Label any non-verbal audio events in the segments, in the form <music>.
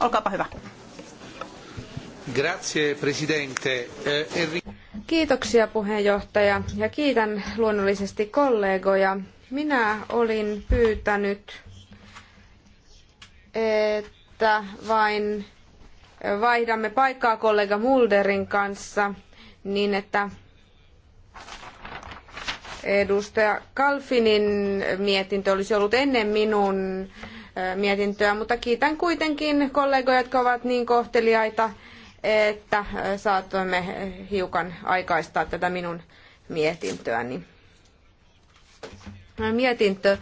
Olkaapa hyvä. Grazie, presidente. Eh, e Kiitoksia puheenjohtaja ja kiitän luonnollisesti kollegoja. Minä olin pyytänyt, että vain vaihdamme paikkaa kollega Mulderin kanssa niin, että edustaja Kalfinin mietintö olisi ollut ennen minun mietintöä, mutta kiitän kuitenkin kollegoja, jotka ovat niin kohteliaita, että saatoimme hiukan aikaistaa tätä minun mietintöäni. Mietintö,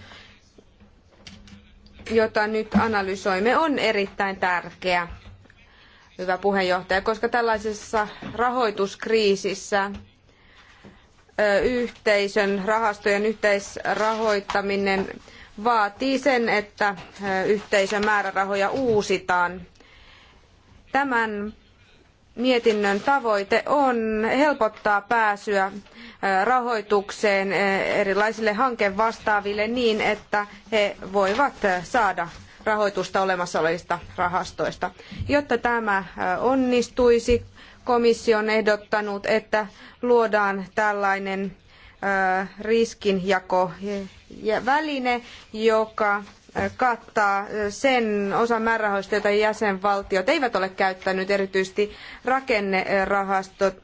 jota nyt analysoimme, on erittäin tärkeä, hyvä puheenjohtaja, koska tällaisessa rahoituskriisissä yhteisön rahastojen yhteisrahoittaminen vaatii sen, että yhteisön määrärahoja uusitaan. Tämän mietinnön tavoite on helpottaa pääsyä rahoitukseen erilaisille hankevastaaville niin, että he voivat saada rahoitusta olemassa olevista rahastoista. Jotta tämä onnistuisi, komissio on ehdottanut, että luodaan tällainen riskinjako ja väline, joka kattaa sen osan määrärahoista, joita jäsenvaltiot eivät ole käyttäneet, erityisesti rakennerahastot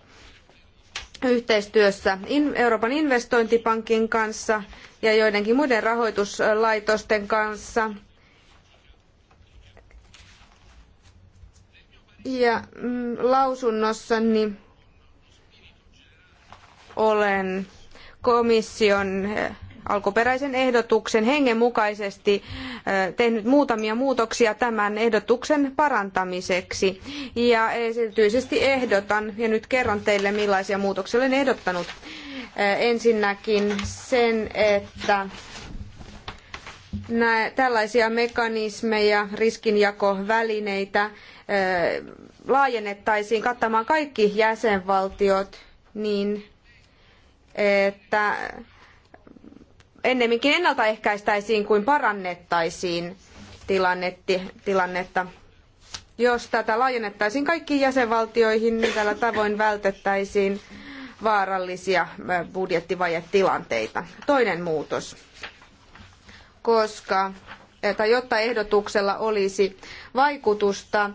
yhteistyössä Euroopan investointipankin kanssa ja joidenkin muiden rahoituslaitosten kanssa. Ja mm, lausunnossani olen komission eh, alkuperäisen ehdotuksen hengen mukaisesti eh, tehnyt muutamia muutoksia tämän ehdotuksen parantamiseksi. Ja erityisesti ehdotan, ja nyt kerron teille millaisia muutoksia olen ehdottanut. Eh, ensinnäkin sen, että nä, tällaisia mekanismeja, riskinjakovälineitä laajennettaisiin kattamaan kaikki jäsenvaltiot niin että ennemminkin ennaltaehkäistäisiin kuin parannettaisiin tilannetta. Jos tätä laajennettaisiin kaikkiin jäsenvaltioihin, niin tällä tavoin vältettäisiin vaarallisia budjettivajetilanteita. Toinen muutos. Koska e, tai jotta ehdotuksella olisi vaikutusta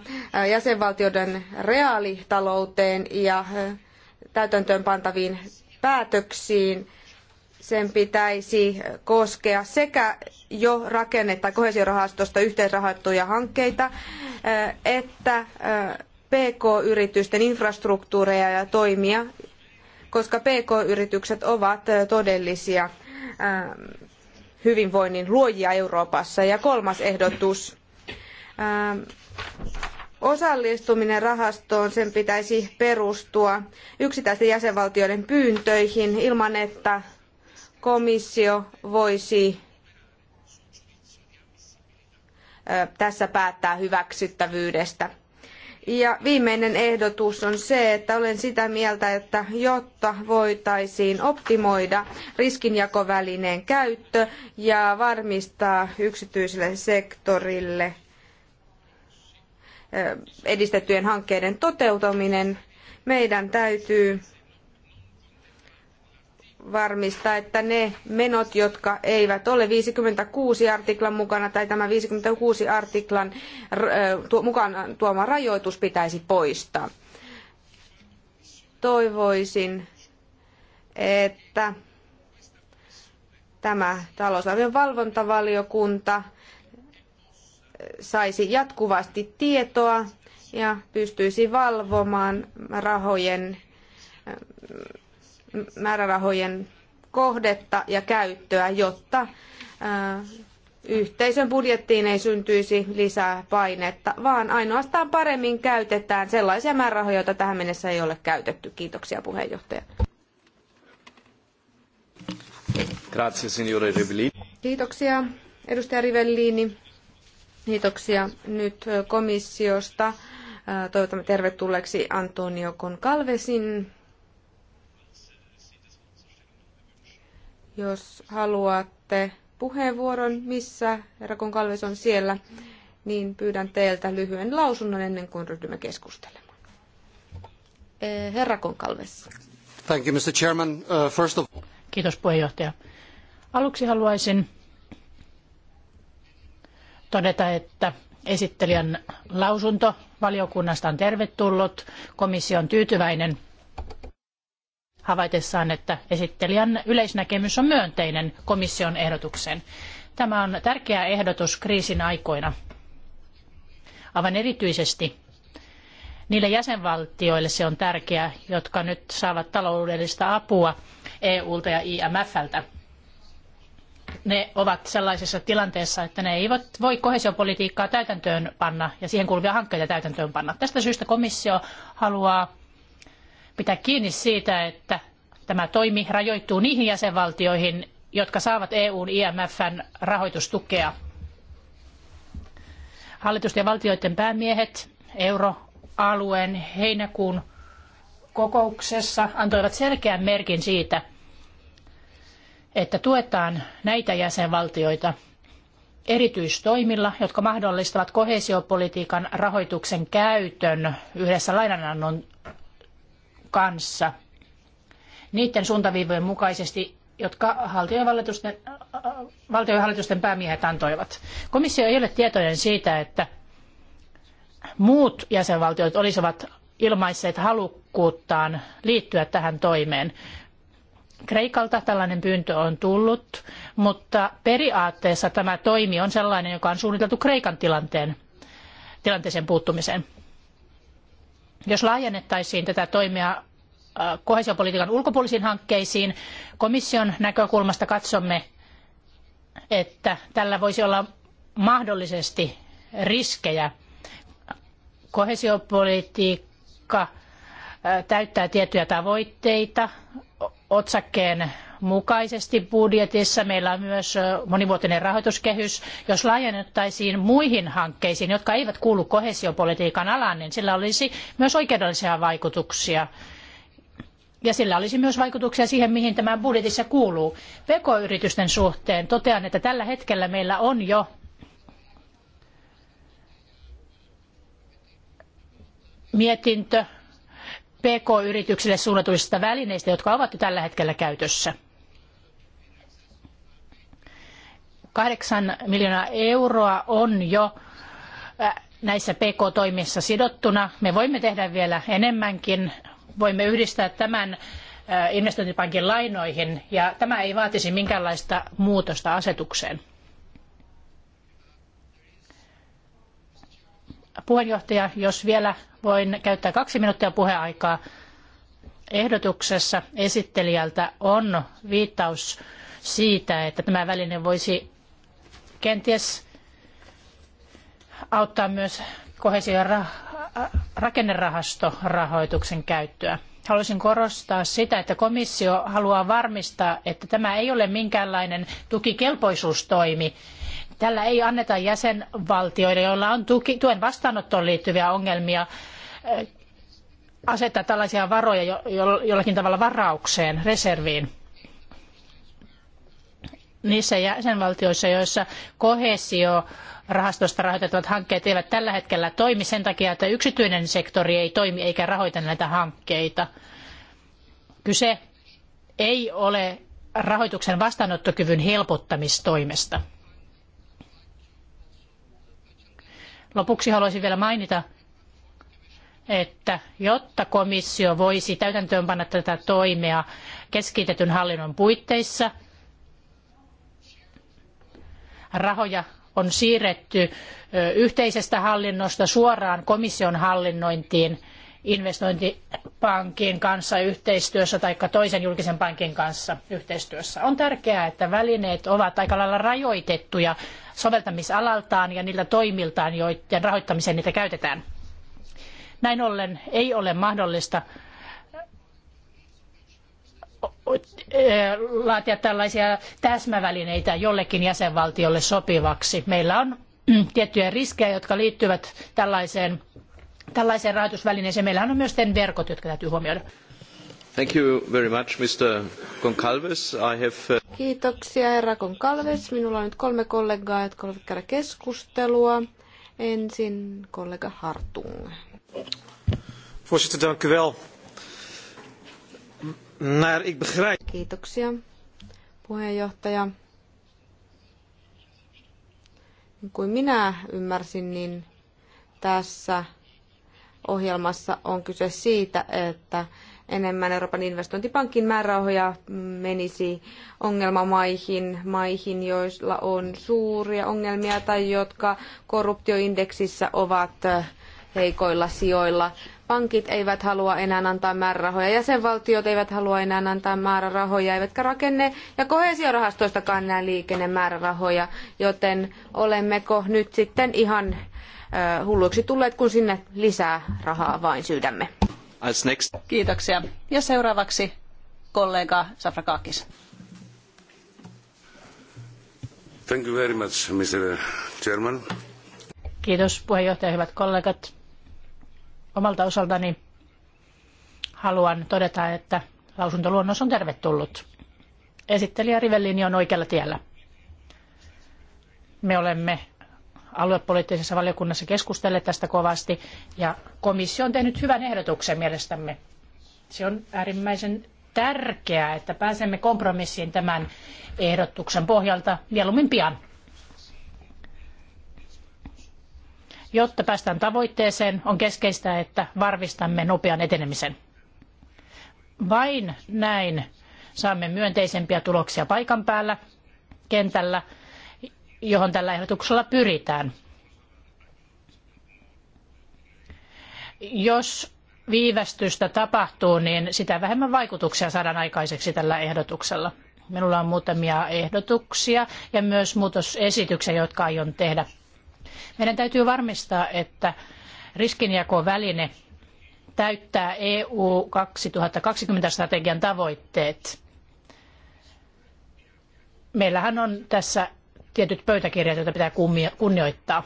jäsenvaltioiden reaalitalouteen ja täytäntöönpantaviin päätöksiin sen pitäisi koskea sekä jo rakennetta kohesiorahastosta yhteisrahoittuja hankkeita että PK-yritysten infrastruktuureja ja toimia, koska PK-yritykset ovat todellisia hyvinvoinnin luojia Euroopassa. Ja kolmas ehdotus Osallistuminen rahastoon sen pitäisi perustua yksittäisten jäsenvaltioiden pyyntöihin ilman, että komissio voisi tässä päättää hyväksyttävyydestä. Ja viimeinen ehdotus on se, että olen sitä mieltä, että jotta voitaisiin optimoida riskinjakovälineen käyttö ja varmistaa yksityiselle sektorille edistettyjen hankkeiden toteutuminen. Meidän täytyy varmistaa, että ne menot, jotka eivät ole 56 artiklan mukana tai tämä 56 artiklan mukaan tuoma rajoitus pitäisi poistaa. Toivoisin, että tämä talousarvion valvontavaliokunta saisi jatkuvasti tietoa ja pystyisi valvomaan rahojen, määrärahojen kohdetta ja käyttöä, jotta yhteisön budjettiin ei syntyisi lisää painetta, vaan ainoastaan paremmin käytetään sellaisia määrärahoja, joita tähän mennessä ei ole käytetty. Kiitoksia puheenjohtaja. Grazie, signore Rivellini. Kiitoksia, edustaja Rivellini. Kiitoksia nyt komissiosta. Toivotamme tervetulleeksi Antonio Concalvesin. Jos haluatte puheenvuoron, missä herra Concalves on siellä, niin pyydän teiltä lyhyen lausunnon ennen kuin ryhdymme keskustelemaan. Eh, herra Concalves. Thank you, Mr. Chairman. Uh, first of... Kiitos puheenjohtaja. Aluksi haluaisin todeta, että esittelijän lausunto valiokunnasta on tervetullut. Komissio on tyytyväinen havaitessaan, että esittelijän yleisnäkemys on myönteinen komission ehdotukseen. Tämä on tärkeä ehdotus kriisin aikoina. Aivan erityisesti niille jäsenvaltioille se on tärkeää, jotka nyt saavat taloudellista apua EUlta ja IMFltä ne ovat sellaisessa tilanteessa, että ne eivät voi kohesiopolitiikkaa täytäntöön panna ja siihen kuuluvia hankkeita täytäntöön panna. Tästä syystä komissio haluaa pitää kiinni siitä, että tämä toimi rajoittuu niihin jäsenvaltioihin, jotka saavat EUn IMFn rahoitustukea. Hallitusten ja valtioiden päämiehet euroalueen heinäkuun kokouksessa antoivat selkeän merkin siitä – että tuetaan näitä jäsenvaltioita erityistoimilla, jotka mahdollistavat koheesiopolitiikan rahoituksen käytön yhdessä lainanannon kanssa niiden suuntaviivojen mukaisesti, jotka valtiohallitusten, valtiohallitusten päämiehet antoivat. Komissio ei ole tietoinen siitä, että muut jäsenvaltiot olisivat ilmaisseet halukkuuttaan liittyä tähän toimeen. Kreikalta tällainen pyyntö on tullut, mutta periaatteessa tämä toimi on sellainen, joka on suunniteltu Kreikan tilanteen, tilanteeseen puuttumiseen. Jos laajennettaisiin tätä toimia äh, kohesiopolitiikan ulkopuolisiin hankkeisiin, komission näkökulmasta katsomme, että tällä voisi olla mahdollisesti riskejä. Kohesiopolitiikka äh, täyttää tiettyjä tavoitteita, otsakkeen mukaisesti budjetissa. Meillä on myös monivuotinen rahoituskehys. Jos laajennettaisiin muihin hankkeisiin, jotka eivät kuulu koheesiopolitiikan alaan, niin sillä olisi myös oikeudellisia vaikutuksia. Ja sillä olisi myös vaikutuksia siihen, mihin tämä budjetissa kuuluu. PK-yritysten suhteen totean, että tällä hetkellä meillä on jo mietintö PK-yrityksille suunnatuista välineistä, jotka ovat jo tällä hetkellä käytössä. Kahdeksan miljoonaa euroa on jo äh, näissä PK-toimissa sidottuna. Me voimme tehdä vielä enemmänkin. Voimme yhdistää tämän äh, investointipankin lainoihin ja tämä ei vaatisi minkäänlaista muutosta asetukseen. Puheenjohtaja, jos vielä voin käyttää kaksi minuuttia puheaikaa. Ehdotuksessa esittelijältä on viittaus siitä, että tämä väline voisi kenties auttaa myös kohesio- ja rakennerahastorahoituksen käyttöä. Haluaisin korostaa sitä, että komissio haluaa varmistaa, että tämä ei ole minkäänlainen tukikelpoisuustoimi, Tällä ei anneta jäsenvaltioille, joilla on tuki, tuen vastaanottoon liittyviä ongelmia, eh, asettaa tällaisia varoja jo, jo, jollakin tavalla varaukseen, reserviin. Niissä jäsenvaltioissa, joissa kohesio rahastosta rahoitettavat hankkeet eivät tällä hetkellä toimi sen takia, että yksityinen sektori ei toimi eikä rahoita näitä hankkeita. Kyse ei ole rahoituksen vastaanottokyvyn helpottamistoimesta. Lopuksi haluaisin vielä mainita, että jotta komissio voisi täytäntöönpanna tätä toimea keskitetyn hallinnon puitteissa, rahoja on siirretty yhteisestä hallinnosta suoraan komission hallinnointiin investointipankin kanssa yhteistyössä tai toisen julkisen pankin kanssa yhteistyössä. On tärkeää, että välineet ovat aika lailla rajoitettuja soveltamisalaltaan ja niiltä toimiltaan, joiden rahoittamiseen niitä käytetään. Näin ollen ei ole mahdollista laatia tällaisia täsmävälineitä jollekin jäsenvaltiolle sopivaksi. Meillä on mm, tiettyjä riskejä, jotka liittyvät tällaiseen, tällaiseen rahoitusvälineeseen. Meillähän on myös verkot, jotka täytyy huomioida. Uh, Kiitoksia, herra Goncalves. Minulla on nyt kolme kollegaa, jotka haluavat käydä keskustelua. Ensin kollega Hartung. Voorzitter, dank Kiitoksia, puheenjohtaja. Niin kuin minä ymmärsin, niin tässä ohjelmassa on kyse siitä, että enemmän Euroopan investointipankin määrärahoja menisi ongelmamaihin, maihin, joilla on suuria ongelmia tai jotka korruptioindeksissä ovat äh, heikoilla sijoilla. Pankit eivät halua enää antaa määrärahoja, jäsenvaltiot eivät halua enää antaa määrärahoja, eivätkä rakenne- ja kohesiorahastoistakaan enää liikennemäärärahoja, joten olemmeko nyt sitten ihan äh, hulluiksi tulleet, kun sinne lisää rahaa vain syydämme. Als next. Kiitoksia. Ja seuraavaksi kollega Safrakakis. Thank you very much, Mr. Chairman. Kiitos puheenjohtaja, hyvät kollegat. Omalta osaltani haluan todeta, että lausuntoluonnos on tervetullut. Esittelijä Rivellini on oikealla tiellä. Me olemme aluepoliittisessa valiokunnassa keskustelleet tästä kovasti ja komissio on tehnyt hyvän ehdotuksen mielestämme. Se on äärimmäisen tärkeää, että pääsemme kompromissiin tämän ehdotuksen pohjalta mieluummin pian. Jotta päästään tavoitteeseen, on keskeistä, että varmistamme nopean etenemisen. Vain näin saamme myönteisempiä tuloksia paikan päällä, kentällä johon tällä ehdotuksella pyritään. Jos viivästystä tapahtuu, niin sitä vähemmän vaikutuksia saadaan aikaiseksi tällä ehdotuksella. Minulla on muutamia ehdotuksia ja myös muutosesityksiä, jotka aion tehdä. Meidän täytyy varmistaa, että riskinjakoväline täyttää EU 2020-strategian tavoitteet. Meillähän on tässä tietyt pöytäkirjat, joita pitää kunnioittaa.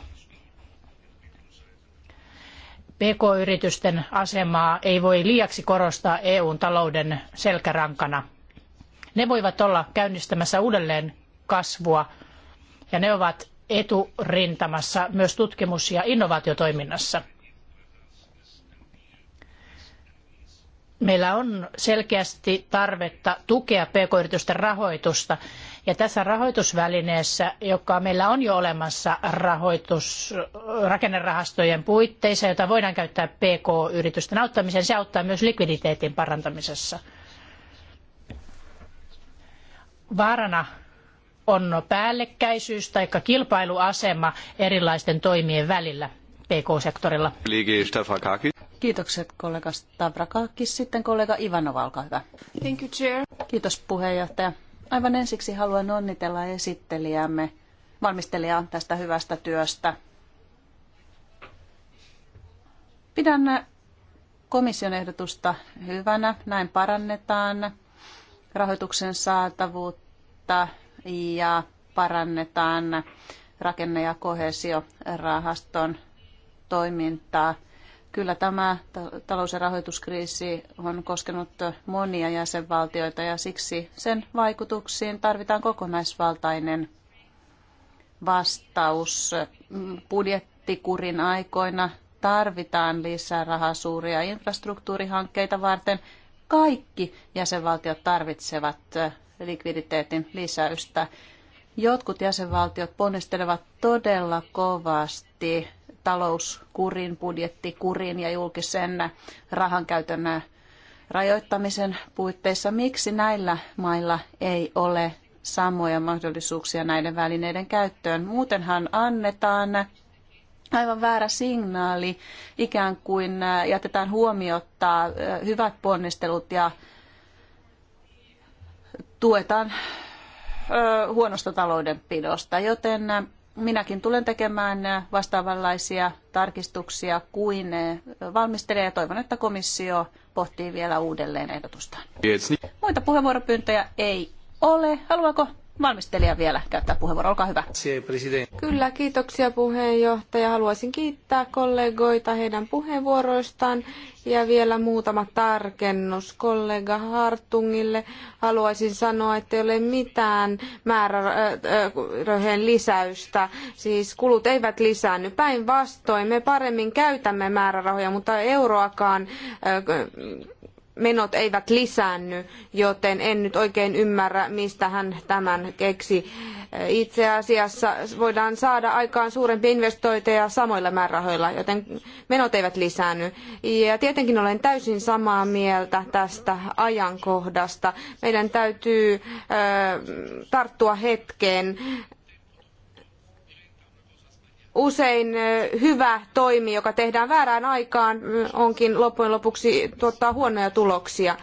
PK-yritysten asemaa ei voi liiaksi korostaa EUn talouden selkärankana. Ne voivat olla käynnistämässä uudelleen kasvua ja ne ovat eturintamassa myös tutkimus- ja innovaatiotoiminnassa. Meillä on selkeästi tarvetta tukea pk-yritysten rahoitusta ja tässä rahoitusvälineessä, joka meillä on jo olemassa rahoitus, rakennerahastojen puitteissa, jota voidaan käyttää PK-yritysten auttamiseen, se auttaa myös likviditeetin parantamisessa. Vaarana on päällekkäisyys tai kilpailuasema erilaisten toimien välillä PK-sektorilla. Kiitokset kollega Stavrakakis. Sitten kollega Ivanova, olkaa hyvä. Thank you, chair. Kiitos puheenjohtaja. Aivan ensiksi haluan onnitella esittelijämme, valmistelijaa tästä hyvästä työstä. Pidän komission ehdotusta hyvänä. Näin parannetaan rahoituksen saatavuutta ja parannetaan rakenne- ja kohesiorahaston toimintaa – Kyllä tämä talous- ja rahoituskriisi on koskenut monia jäsenvaltioita ja siksi sen vaikutuksiin tarvitaan kokonaisvaltainen vastaus. Budjettikurin aikoina tarvitaan lisää rahaa suuria infrastruktuurihankkeita varten. Kaikki jäsenvaltiot tarvitsevat likviditeetin lisäystä. Jotkut jäsenvaltiot ponnistelevat todella kovasti talouskurin, budjettikurin ja julkisen rahankäytön rajoittamisen puitteissa, miksi näillä mailla ei ole samoja mahdollisuuksia näiden välineiden käyttöön. Muutenhan annetaan aivan väärä signaali, ikään kuin jätetään huomiota hyvät ponnistelut ja tuetaan huonosta taloudenpidosta, joten minäkin tulen tekemään vastaavanlaisia tarkistuksia kuin valmistelija ja toivon, että komissio pohtii vielä uudelleen ehdotustaan. Muita puheenvuoropyyntöjä ei ole. Haluaako valmistelija vielä käyttää puheenvuoron. Olkaa hyvä. Kyllä, kiitoksia puheenjohtaja. Haluaisin kiittää kollegoita heidän puheenvuoroistaan ja vielä muutama tarkennus kollega Hartungille. Haluaisin sanoa, että ei ole mitään määrärahojen lisäystä. Siis kulut eivät lisäänny. Päinvastoin me paremmin käytämme määrärahoja, mutta euroakaan menot eivät lisäänny, joten en nyt oikein ymmärrä, mistä hän tämän keksi. Itse asiassa voidaan saada aikaan suurempia investointeja samoilla määrärahoilla, joten menot eivät lisäänny. Ja tietenkin olen täysin samaa mieltä tästä ajankohdasta. Meidän täytyy tarttua hetkeen usein hyvä toimi, joka tehdään väärään aikaan, onkin loppujen lopuksi tuottaa huonoja tuloksia.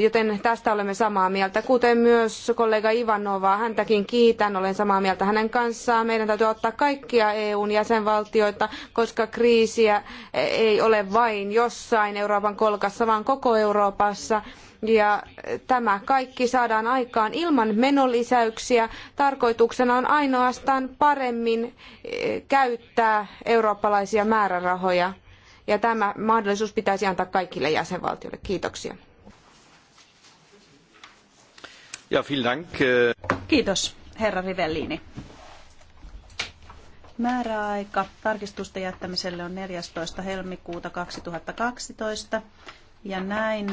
Joten tästä olemme samaa mieltä, kuten myös kollega Ivanovaa. Häntäkin kiitän, olen samaa mieltä hänen kanssaan. Meidän täytyy ottaa kaikkia EUn jäsenvaltioita, koska kriisiä ei ole vain jossain Euroopan kolkassa, vaan koko Euroopassa. Ja tämä kaikki saadaan aikaan ilman menolisäyksiä. Tarkoituksena on ainoastaan paremmin eh, käyttää eurooppalaisia määrärahoja. Ja tämä mahdollisuus pitäisi antaa kaikille jäsenvaltioille. Kiitoksia. Ja, vielen äh, Kiitos, herra Rivellini. Määräaika tarkistusten jättämiselle on 14. helmikuuta 2012. Ja näin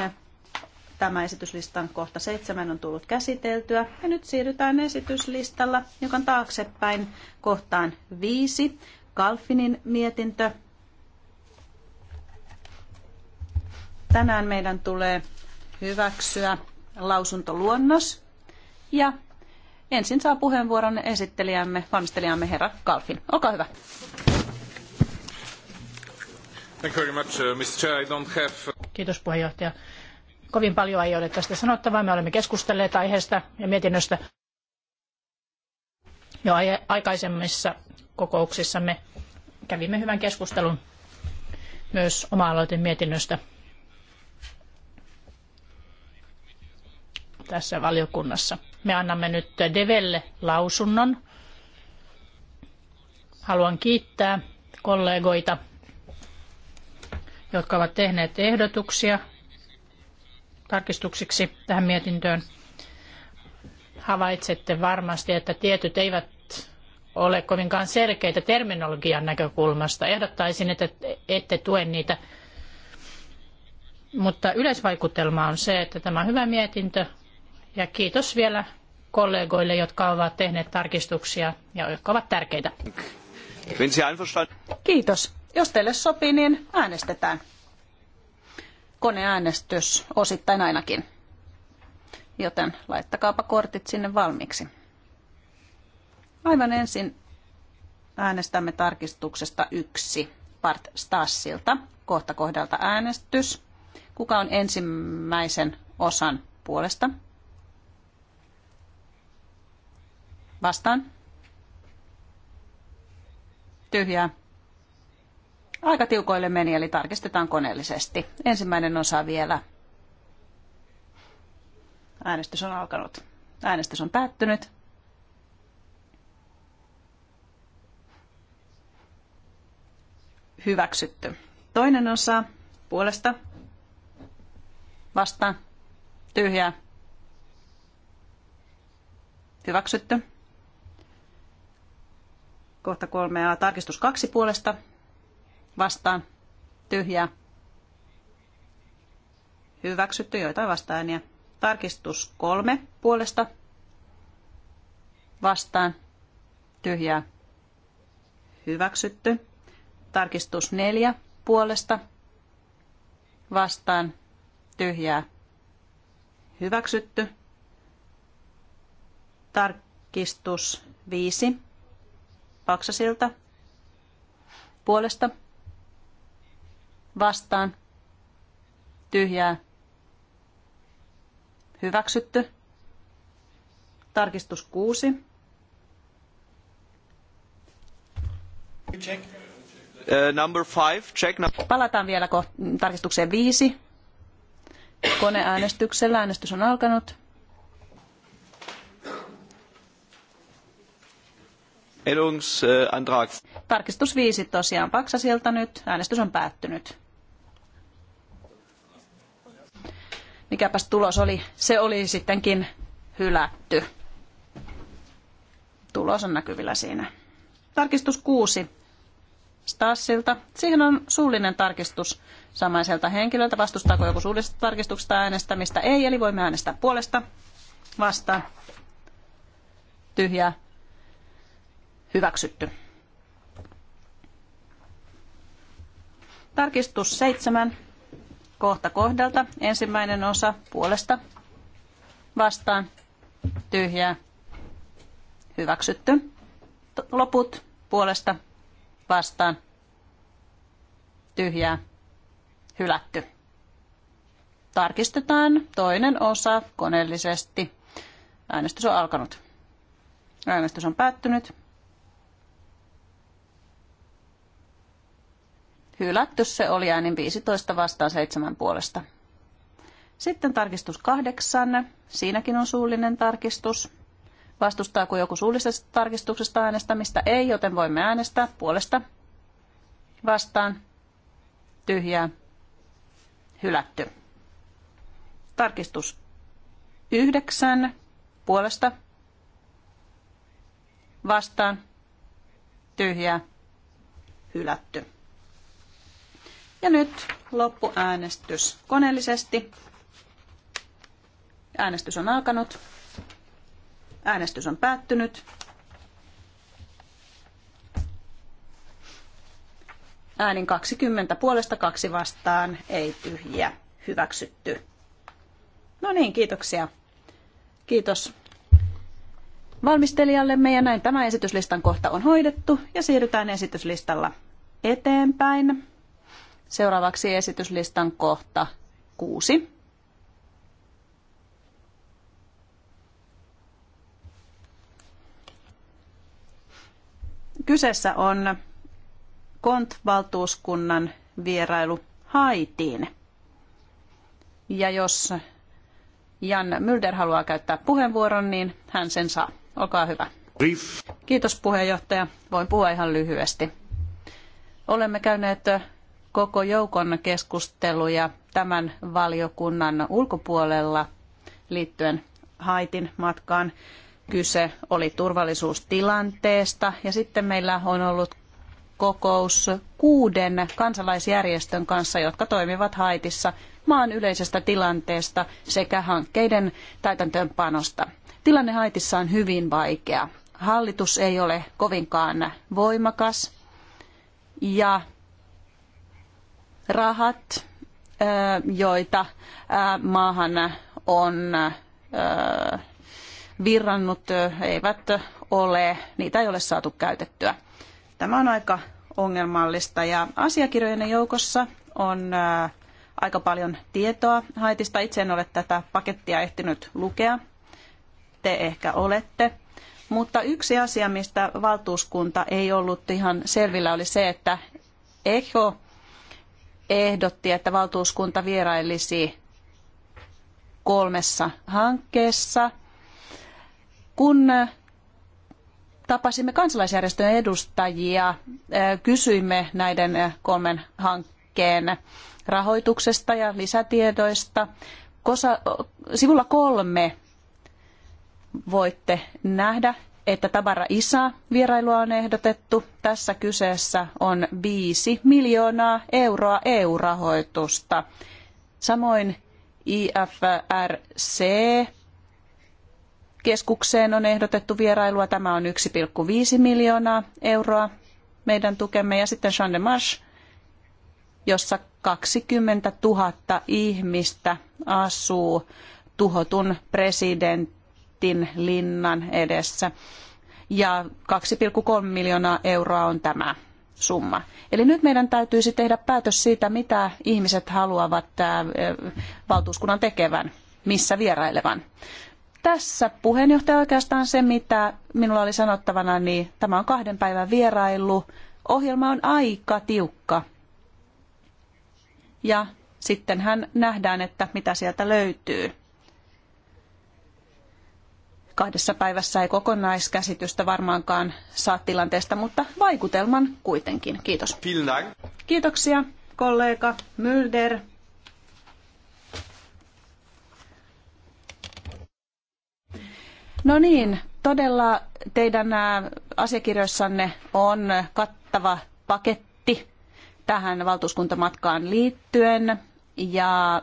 tämä esityslistan kohta seitsemän on tullut käsiteltyä. Ja nyt siirrytään esityslistalla, joka on taaksepäin kohtaan viisi. Kalfinin mietintö. Tänään meidän tulee hyväksyä lausuntoluonnos ja ensin saa puheenvuoron esittelijämme, valmistelijamme herra Kalfin. Olkaa hyvä. Thank you very much, uh, Mr. Chair. I don't have... Uh, Kiitos puheenjohtaja. Kovin paljon ei ole tästä sanottavaa. Me olemme keskustelleet aiheesta ja mietinnöstä jo aikaisemmissa kokouksissamme. Kävimme hyvän keskustelun myös oma aloitin mietinnöstä tässä valiokunnassa. Me annamme nyt Develle lausunnon. Haluan kiittää kollegoita, jotka ovat tehneet ehdotuksia tarkistuksiksi tähän mietintöön. Havaitsette varmasti, että tietyt eivät ole kovinkaan selkeitä terminologian näkökulmasta. Ehdottaisin, että ette tue niitä. Mutta yleisvaikutelma on se, että tämä on hyvä mietintö, ja kiitos vielä kollegoille, jotka ovat tehneet tarkistuksia ja jotka ovat tärkeitä. Kiitos. Jos teille sopii, niin äänestetään. Koneäänestys osittain ainakin. Joten laittakaapa kortit sinne valmiiksi. Aivan ensin äänestämme tarkistuksesta yksi Part Stassilta. Kohta kohdalta äänestys. Kuka on ensimmäisen osan puolesta? Vastaan. Tyhjää. Aika tiukoille meni, eli tarkistetaan koneellisesti. Ensimmäinen osa vielä. Äänestys on alkanut. Äänestys on päättynyt. Hyväksytty. Toinen osa puolesta. Vastaan. Tyhjää. Hyväksytty kohta 3a, tarkistus kaksi puolesta vastaan, tyhjää, hyväksytty joitain ja Tarkistus kolme puolesta vastaan, tyhjää, hyväksytty. Tarkistus neljä puolesta vastaan, tyhjää, hyväksytty. Tarkistus viisi Paksasilta puolesta vastaan tyhjää hyväksytty. Tarkistus 6. Check. Uh, number five. Check. Palataan vielä tarkistukseen 5. Koneäänestyksellä äänestys on alkanut. Ändrag. Tarkistus 5 tosiaan Paksasilta nyt. Äänestys on päättynyt. Mikäpäs tulos oli? Se oli sittenkin hylätty. Tulos on näkyvillä siinä. Tarkistus 6 Stassilta. Siihen on suullinen tarkistus samaiselta henkilöltä. Vastustaako joku suullisesta tarkistuksesta äänestämistä? Ei, eli voimme äänestää puolesta. Vastaan. Tyhjää Hyväksytty. Tarkistus seitsemän. Kohta kohdalta. Ensimmäinen osa puolesta. Vastaan. Tyhjää. Hyväksytty. Loput puolesta. Vastaan. Tyhjää. Hylätty. Tarkistetaan toinen osa koneellisesti. Äänestys on alkanut. Äänestys on päättynyt. Hylätty se oli äänin 15 vastaan 7 puolesta. Sitten tarkistus kahdeksan. Siinäkin on suullinen tarkistus. Vastustaako joku suullisesta tarkistuksesta äänestämistä? Ei, joten voimme äänestää puolesta. Vastaan. Tyhjää. Hylätty. Tarkistus yhdeksän Puolesta. Vastaan. Tyhjää. Hylätty. Ja nyt loppuäänestys koneellisesti. Äänestys on alkanut. Äänestys on päättynyt. Äänin 20 puolesta kaksi vastaan, ei tyhjiä, hyväksytty. No niin, kiitoksia. Kiitos valmistelijallemme ja näin tämä esityslistan kohta on hoidettu ja siirrytään esityslistalla eteenpäin. Seuraavaksi esityslistan kohta kuusi. Kyseessä on KONT-valtuuskunnan vierailu Haitiin. Ja jos Jan Mylder haluaa käyttää puheenvuoron, niin hän sen saa. Olkaa hyvä. Kiitos puheenjohtaja. Voin puhua ihan lyhyesti. Olemme käyneet koko joukon keskusteluja tämän valiokunnan ulkopuolella liittyen Haitin matkaan. Kyse oli turvallisuustilanteesta ja sitten meillä on ollut kokous kuuden kansalaisjärjestön kanssa, jotka toimivat Haitissa maan yleisestä tilanteesta sekä hankkeiden täytäntöönpanosta. Tilanne Haitissa on hyvin vaikea. Hallitus ei ole kovinkaan voimakas ja rahat, joita maahan on virrannut, eivät ole, niitä ei ole saatu käytettyä. Tämä on aika ongelmallista ja asiakirjojen joukossa on aika paljon tietoa Haitista. Itse en ole tätä pakettia ehtinyt lukea. Te ehkä olette. Mutta yksi asia, mistä valtuuskunta ei ollut ihan selvillä, oli se, että ECHO ehdotti, että valtuuskunta vierailisi kolmessa hankkeessa. Kun tapasimme kansalaisjärjestöjen edustajia, kysyimme näiden kolmen hankkeen rahoituksesta ja lisätiedoista. Kosa, sivulla kolme voitte nähdä että Tabara Isa vierailua on ehdotettu. Tässä kyseessä on 5 miljoonaa euroa EU-rahoitusta. Samoin IFRC keskukseen on ehdotettu vierailua. Tämä on 1,5 miljoonaa euroa meidän tukemme. Ja sitten Jean de Marche, jossa 20 000 ihmistä asuu tuhotun presidentti Britin linnan edessä. Ja 2,3 miljoonaa euroa on tämä summa. Eli nyt meidän täytyisi tehdä päätös siitä, mitä ihmiset haluavat valtuuskunnan tekevän, missä vierailevan. Tässä puheenjohtaja oikeastaan se, mitä minulla oli sanottavana, niin tämä on kahden päivän vierailu. Ohjelma on aika tiukka. Ja sittenhän nähdään, että mitä sieltä löytyy. Kahdessa päivässä ei kokonaiskäsitystä varmaankaan saa tilanteesta, mutta vaikutelman kuitenkin. Kiitos. Kiitoksia kollega Mylder. No niin, todella teidän asiakirjoissanne on kattava paketti tähän valtuuskuntamatkaan liittyen ja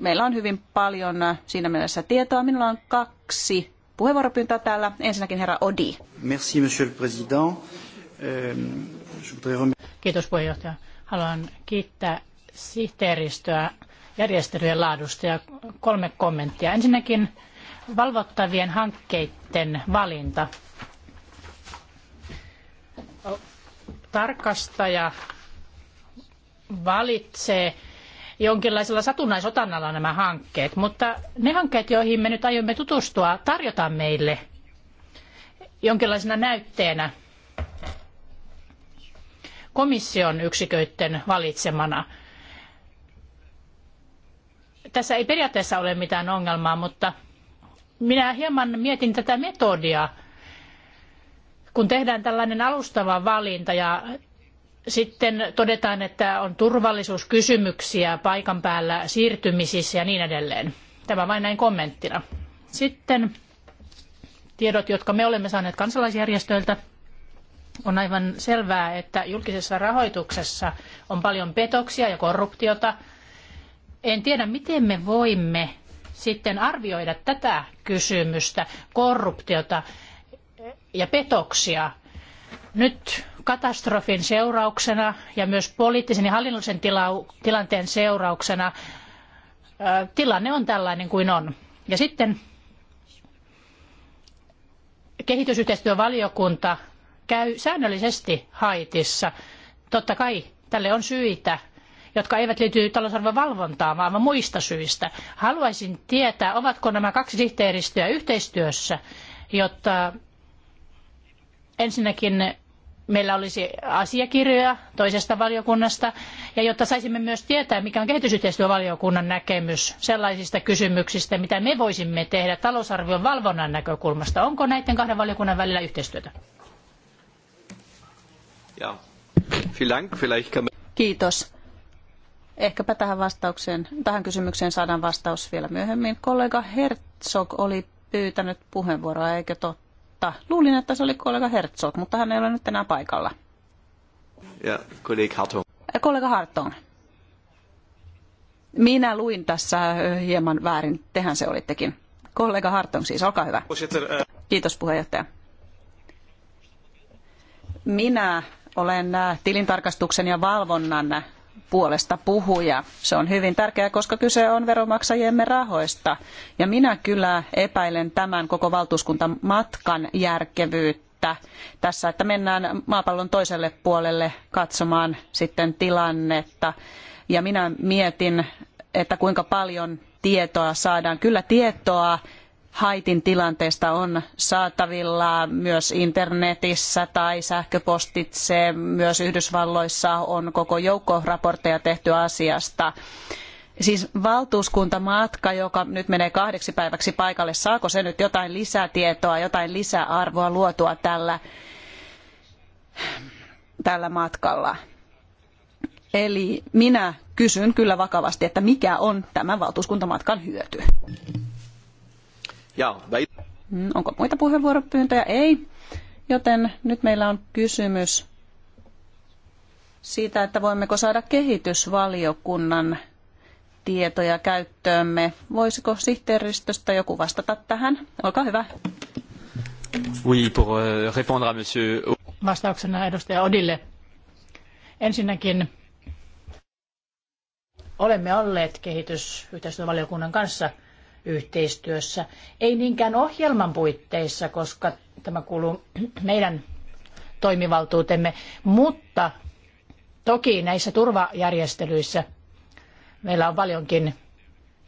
meillä on hyvin paljon siinä mielessä tietoa. Minulla on kaksi kaksi puheenvuoropyyntöä täällä. Ensinnäkin herra Odi. Merci, monsieur le président. Euh, Kiitos puheenjohtaja. Haluan kiittää sihteeristöä järjestelyjen laadusta ja kolme kommenttia. Ensinnäkin valvottavien hankkeiden valinta. Tarkastaja valitsee jonkinlaisella satunnaisotannalla nämä hankkeet, mutta ne hankkeet, joihin me nyt aiomme tutustua, tarjotaan meille jonkinlaisena näytteenä komission yksiköiden valitsemana. Tässä ei periaatteessa ole mitään ongelmaa, mutta minä hieman mietin tätä metodia, kun tehdään tällainen alustava valinta ja sitten todetaan, että on turvallisuuskysymyksiä paikan päällä siirtymisissä ja niin edelleen. Tämä vain näin kommenttina. Sitten tiedot, jotka me olemme saaneet kansalaisjärjestöiltä, on aivan selvää, että julkisessa rahoituksessa on paljon petoksia ja korruptiota. En tiedä, miten me voimme sitten arvioida tätä kysymystä, korruptiota ja petoksia. Nyt katastrofin seurauksena ja myös poliittisen ja hallinnollisen tilanteen seurauksena tilanne on tällainen kuin on. Ja sitten kehitysyhteistyövaliokunta käy säännöllisesti Haitissa. Totta kai tälle on syitä, jotka eivät liity talousarvon valvontaan, vaan muista syistä. Haluaisin tietää, ovatko nämä kaksi sihteeristöä yhteistyössä, jotta ensinnäkin meillä olisi asiakirjoja toisesta valiokunnasta ja jotta saisimme myös tietää, mikä on kehitysyhteistyövaliokunnan näkemys sellaisista kysymyksistä, mitä me voisimme tehdä talousarvion valvonnan näkökulmasta. Onko näiden kahden valiokunnan välillä yhteistyötä? Kiitos. Ehkäpä tähän, vastaukseen, tähän kysymykseen saadaan vastaus vielä myöhemmin. Kollega Herzog oli pyytänyt puheenvuoroa, eikö totta? totta. Luulin, että se oli kollega Herzog, mutta hän ei ole nyt enää paikalla. Ja kollega Hartong. Kollega Hartong. Minä luin tässä äh, hieman väärin, tehän se olittekin. Kollega Hartong siis, olkaa hyvä. Kiitos puheenjohtaja. Minä olen äh, tilintarkastuksen ja valvonnan puolesta puhuja. Se on hyvin tärkeää, koska kyse on veronmaksajiemme rahoista. Ja minä kyllä epäilen tämän koko valtuuskuntamatkan järkevyyttä tässä, että mennään maapallon toiselle puolelle katsomaan sitten tilannetta. Ja minä mietin, että kuinka paljon tietoa saadaan. Kyllä tietoa Haitin tilanteesta on saatavilla myös internetissä tai sähköpostitse. Myös Yhdysvalloissa on koko joukko raportteja tehty asiasta. Siis valtuuskuntamatka, joka nyt menee kahdeksi päiväksi paikalle, saako se nyt jotain lisätietoa, jotain lisäarvoa luotua tällä, tällä matkalla? Eli minä kysyn kyllä vakavasti, että mikä on tämän valtuuskuntamatkan hyöty? Mm, onko muita puheenvuoropyyntöjä? Ei. Joten nyt meillä on kysymys siitä, että voimmeko saada kehitysvaliokunnan tietoja käyttöömme. Voisiko sihteeristöstä joku vastata tähän? Olkaa hyvä. Oui, pour euh, répondre à monsieur... Vastauksena edustaja Odille. Ensinnäkin olemme olleet kehitysyhteistyövaliokunnan kanssa – yhteistyössä. Ei niinkään ohjelman puitteissa, koska tämä kuuluu <clears throat> meidän toimivaltuutemme, mutta toki näissä turvajärjestelyissä meillä on paljonkin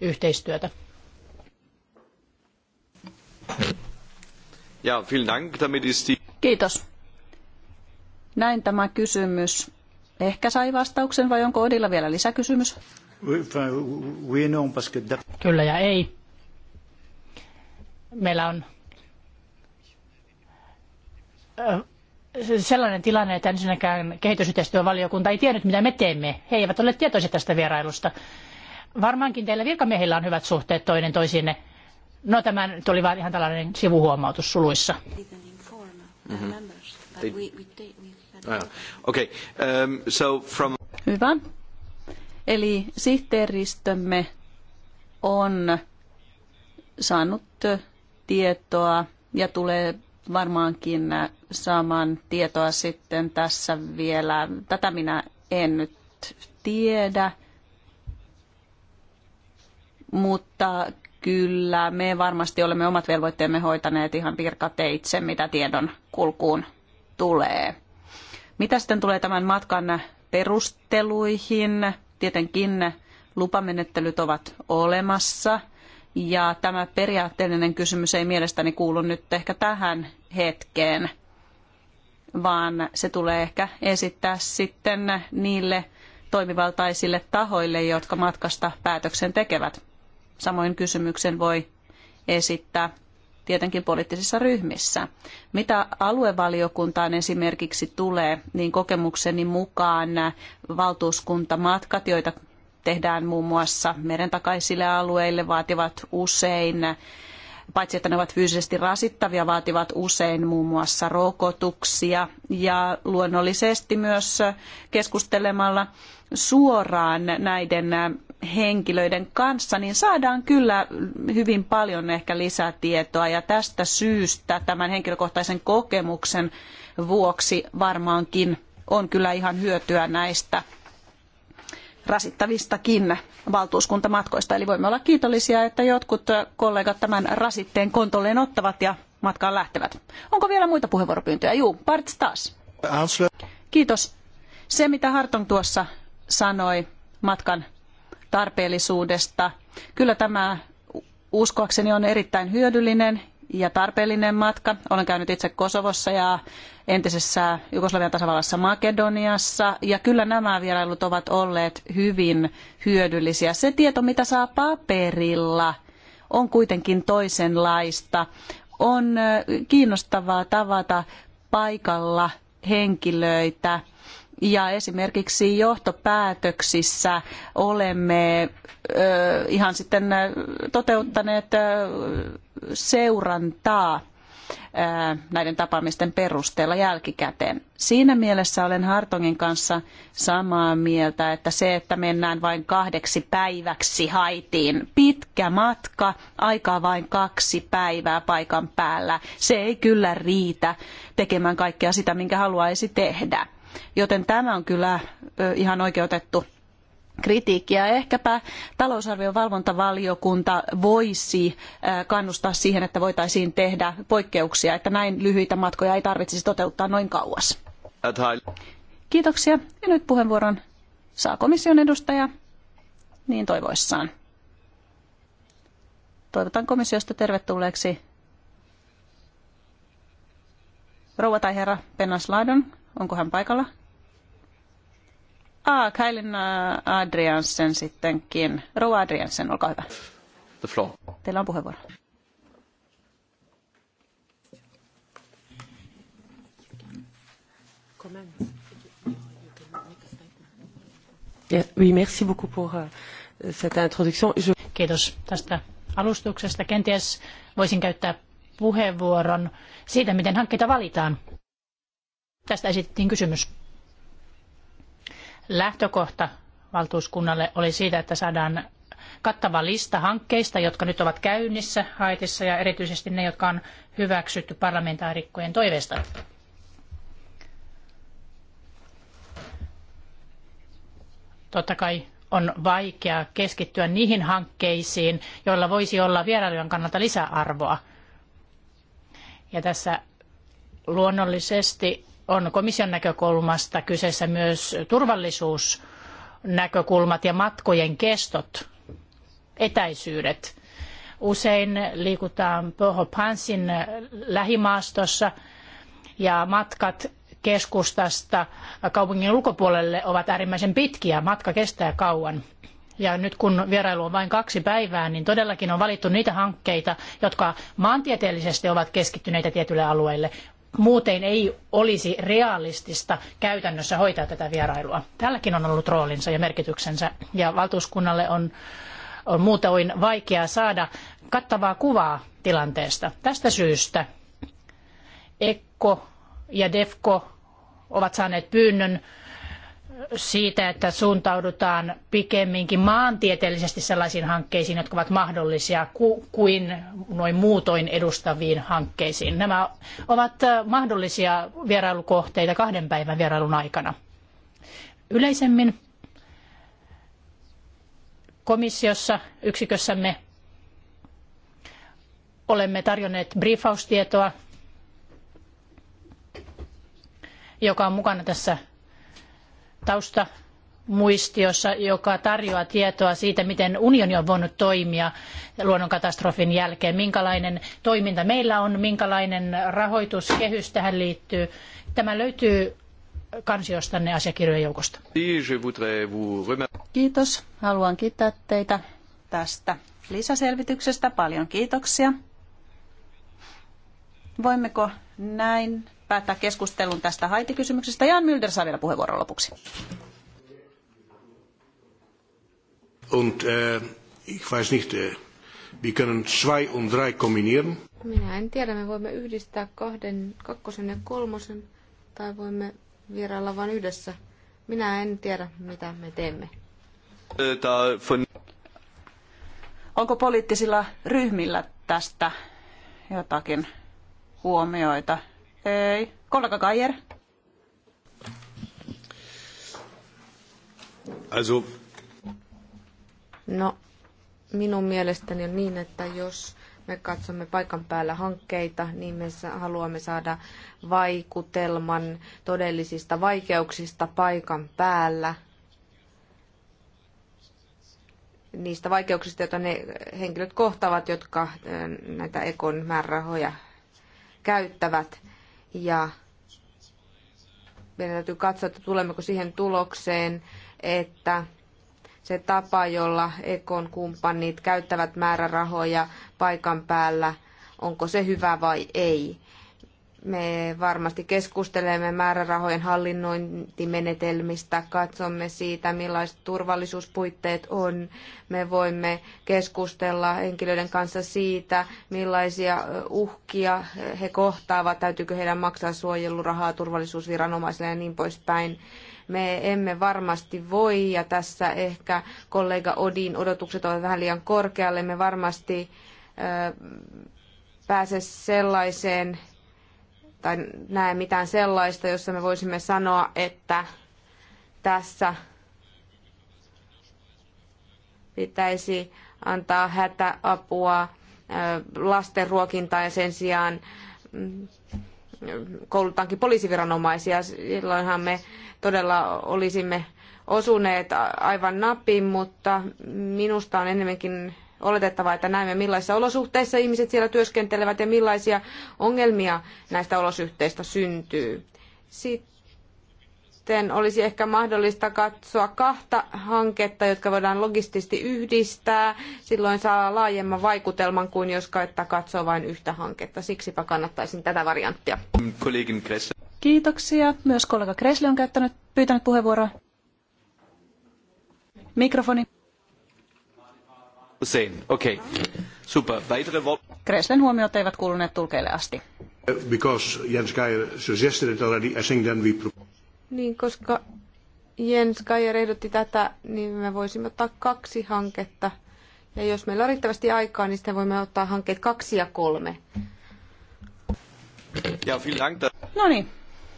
yhteistyötä. Ja, vielen Dank, damit ist die... Kiitos. Näin tämä kysymys ehkä sai vastauksen vai onko Odilla vielä lisäkysymys? Kyllä ja ei meillä on sellainen tilanne, että ensinnäkään kehitysyhteistyövaliokunta ei tiennyt, mitä me teemme. He eivät ole tietoisia tästä vierailusta. Varmaankin teillä virkamiehillä on hyvät suhteet toinen toisiinne. No tämä nyt oli vain ihan tällainen sivuhuomautus suluissa. Hyvä. Eli sihteeristömme on saanut tietoa ja tulee varmaankin saamaan tietoa sitten tässä vielä. Tätä minä en nyt tiedä, mutta kyllä me varmasti olemme omat velvoitteemme hoitaneet ihan virkateitse, mitä tiedon kulkuun tulee. Mitä sitten tulee tämän matkan perusteluihin? Tietenkin lupamenettelyt ovat olemassa – ja tämä periaatteellinen kysymys ei mielestäni kuulu nyt ehkä tähän hetkeen, vaan se tulee ehkä esittää sitten niille toimivaltaisille tahoille, jotka matkasta päätöksen tekevät. Samoin kysymyksen voi esittää tietenkin poliittisissa ryhmissä. Mitä aluevaliokuntaan esimerkiksi tulee, niin kokemukseni mukaan valtuuskuntamatkat, joita tehdään muun muassa meren takaisille alueille, vaativat usein, paitsi että ne ovat fyysisesti rasittavia, vaativat usein muun muassa rokotuksia ja luonnollisesti myös keskustelemalla suoraan näiden henkilöiden kanssa, niin saadaan kyllä hyvin paljon ehkä lisätietoa ja tästä syystä tämän henkilökohtaisen kokemuksen vuoksi varmaankin on kyllä ihan hyötyä näistä rasittavistakin valtuuskuntamatkoista. Eli voimme olla kiitollisia, että jotkut kollegat tämän rasitteen kontolleen ottavat ja matkaan lähtevät. Onko vielä muita puheenvuoropyyntöjä? Juu, Parts taas. Kiitos. Se, mitä Hartong tuossa sanoi matkan tarpeellisuudesta, kyllä tämä uskoakseni on erittäin hyödyllinen ja tarpeellinen matka. Olen käynyt itse Kosovossa ja entisessä Jugoslavian tasavallassa Makedoniassa ja kyllä nämä vierailut ovat olleet hyvin hyödyllisiä. Se tieto, mitä saa paperilla, on kuitenkin toisenlaista. On kiinnostavaa tavata paikalla henkilöitä ja esimerkiksi johtopäätöksissä olemme ihan sitten toteuttaneet seurantaa näiden tapaamisten perusteella jälkikäteen. Siinä mielessä olen Hartongin kanssa samaa mieltä, että se, että mennään vain kahdeksi päiväksi haitiin, pitkä matka, aikaa vain kaksi päivää paikan päällä, se ei kyllä riitä tekemään kaikkea sitä, minkä haluaisi tehdä joten tämä on kyllä ihan oikeutettu kritiikkiä. Ehkäpä talousarvion valvontavaliokunta voisi kannustaa siihen, että voitaisiin tehdä poikkeuksia, että näin lyhyitä matkoja ei tarvitsisi toteuttaa noin kauas. Kiitoksia. Ja nyt puheenvuoron saa komission edustaja niin toivoissaan. Toivotan komissiosta tervetulleeksi rouva tai herra Pennas Laidon. Onko hän paikalla? Ah, Kailin äh, Adriansen sittenkin. Rouva Adriansen, olkaa hyvä. The floor. Teillä on puheenvuoro. Euh, Kiitos tästä alustuksesta. Kenties voisin käyttää puheenvuoron siitä, miten hankkeita valitaan. Tästä esitettiin kysymys. Lähtökohta valtuuskunnalle oli siitä, että saadaan kattava lista hankkeista, jotka nyt ovat käynnissä Haitissa ja erityisesti ne, jotka on hyväksytty parlamentaarikkojen toiveesta. Totta kai on vaikea keskittyä niihin hankkeisiin, joilla voisi olla vierailijan kannalta lisäarvoa. Ja tässä luonnollisesti on komission näkökulmasta kyseessä myös turvallisuusnäkökulmat ja matkojen kestot, etäisyydet. Usein liikutaan Pohopansin lähimaastossa ja matkat keskustasta kaupungin ulkopuolelle ovat äärimmäisen pitkiä. Matka kestää kauan. Ja nyt kun vierailu on vain kaksi päivää, niin todellakin on valittu niitä hankkeita, jotka maantieteellisesti ovat keskittyneitä tietyille alueille. Muuten ei olisi realistista käytännössä hoitaa tätä vierailua. Tälläkin on ollut roolinsa ja merkityksensä ja valtuuskunnalle on, on muutoin vaikea saada kattavaa kuvaa tilanteesta. Tästä syystä ECCO ja Defko ovat saaneet pyynnön siitä, että suuntaudutaan pikemminkin maantieteellisesti sellaisiin hankkeisiin, jotka ovat mahdollisia kuin noin muutoin edustaviin hankkeisiin. Nämä ovat äh, mahdollisia vierailukohteita kahden päivän vierailun aikana. Yleisemmin komissiossa, yksikössämme olemme tarjonneet briefaustietoa, joka on mukana tässä tausta muistiossa, joka tarjoaa tietoa siitä, miten unioni on voinut toimia luonnonkatastrofin jälkeen, minkälainen toiminta meillä on, minkälainen rahoituskehys tähän liittyy. Tämä löytyy kansiostanne asiakirjojen joukosta. Kiitos. Haluan kiittää teitä tästä lisäselvityksestä. Paljon kiitoksia. Voimmeko näin päättää keskustelun tästä haitikysymyksestä. Jan Mylder saa vielä puheenvuoron lopuksi. Und, äh, ich weiß nicht, äh, wir können zwei und drei kombinieren. Minä en tiedä, me voimme yhdistää kahden, kakkosen ja kolmosen, tai voimme vierailla vain yhdessä. Minä en tiedä, mitä me teemme. Onko poliittisilla ryhmillä tästä jotakin huomioita? Hei. Kollega Geier. Also. No, minun mielestäni on niin, että jos me katsomme paikan päällä hankkeita, niin me haluamme saada vaikutelman todellisista vaikeuksista paikan päällä. Niistä vaikeuksista, joita ne henkilöt kohtavat, jotka näitä ekon määrärahoja käyttävät ja meidän täytyy katsoa, että tulemmeko siihen tulokseen, että se tapa, jolla Ekon kumppanit käyttävät määrärahoja paikan päällä, onko se hyvä vai ei. Me varmasti keskustelemme määrärahojen hallinnointimenetelmistä, katsomme siitä, millaiset turvallisuuspuitteet on. Me voimme keskustella henkilöiden kanssa siitä, millaisia uhkia he kohtaavat, täytyykö heidän maksaa suojelurahaa turvallisuusviranomaisille ja niin poispäin me emme varmasti voi, ja tässä ehkä kollega Odin odotukset ovat vähän liian korkealle, me varmasti pääse sellaiseen tai näe mitään sellaista, jossa me voisimme sanoa, että tässä pitäisi antaa hätäapua lasten ruokintaan ja sen sijaan mm, koulutaankin poliisiviranomaisia. Silloinhan me todella olisimme osuneet aivan napin, mutta minusta on enemmänkin oletettavaa, että näemme millaisissa olosuhteissa ihmiset siellä työskentelevät ja millaisia ongelmia näistä olosuhteista syntyy. Sitten olisi ehkä mahdollista katsoa kahta hanketta, jotka voidaan logistisesti yhdistää. Silloin saa laajemman vaikutelman kuin jos katsoo vain yhtä hanketta. Siksipä kannattaisin tätä varianttia. Kiitoksia. Myös kollega Kresli on käyttänyt, pyytänyt puheenvuoroa. Mikrofoni. Usein, okei. Okay. Super. Weitere Kreslen huomiot eivät kuuluneet tulkeille asti. Because Jens Geier suggested it already, I think then we... Niin, koska Jens Geier ehdotti tätä, niin me voisimme ottaa kaksi hanketta. Ja jos meillä on riittävästi aikaa, niin sitten voimme ottaa hankkeet kaksi ja kolme. Ja, vielen Dank. No niin,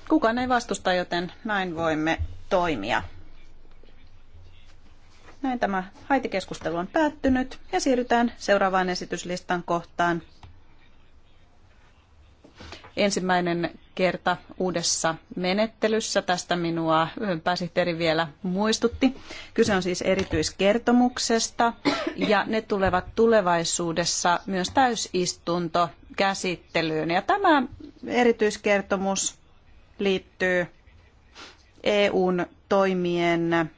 kukaan ei vastusta, joten näin voimme toimia. Näin tämä haitikeskustelu on päättynyt ja siirrytään seuraavaan esityslistan kohtaan. Ensimmäinen kerta uudessa menettelyssä. Tästä minua pääsihteeri vielä muistutti. Kyse on siis erityiskertomuksesta ja ne tulevat tulevaisuudessa myös täysistunto käsittelyyn. Ja tämä erityiskertomus liittyy EUn toimien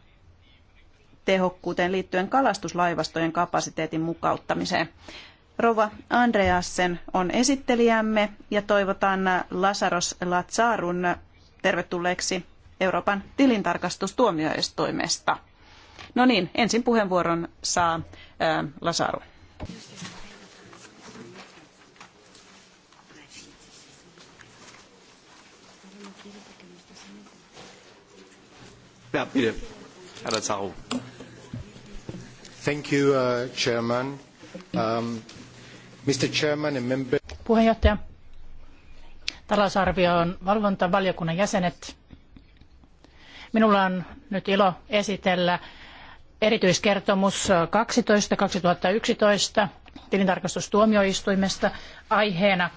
tehokkuuteen liittyen kalastuslaivastojen kapasiteetin mukauttamiseen. Rova Andreasen on esittelijämme ja toivotan Lasaros Lazarun tervetulleeksi Euroopan tilintarkastustuomioistuimesta. No niin, ensin puheenvuoron saa ää, Lasaru. Ja, bitte, Herr Lazaro. Thank you, uh, um, Puheenjohtaja, talousarvion valvontavaliokunnan jäsenet. Minulla on nyt ilo esitellä erityiskertomus 12-2011 tilintarkastustuomioistuimesta aiheena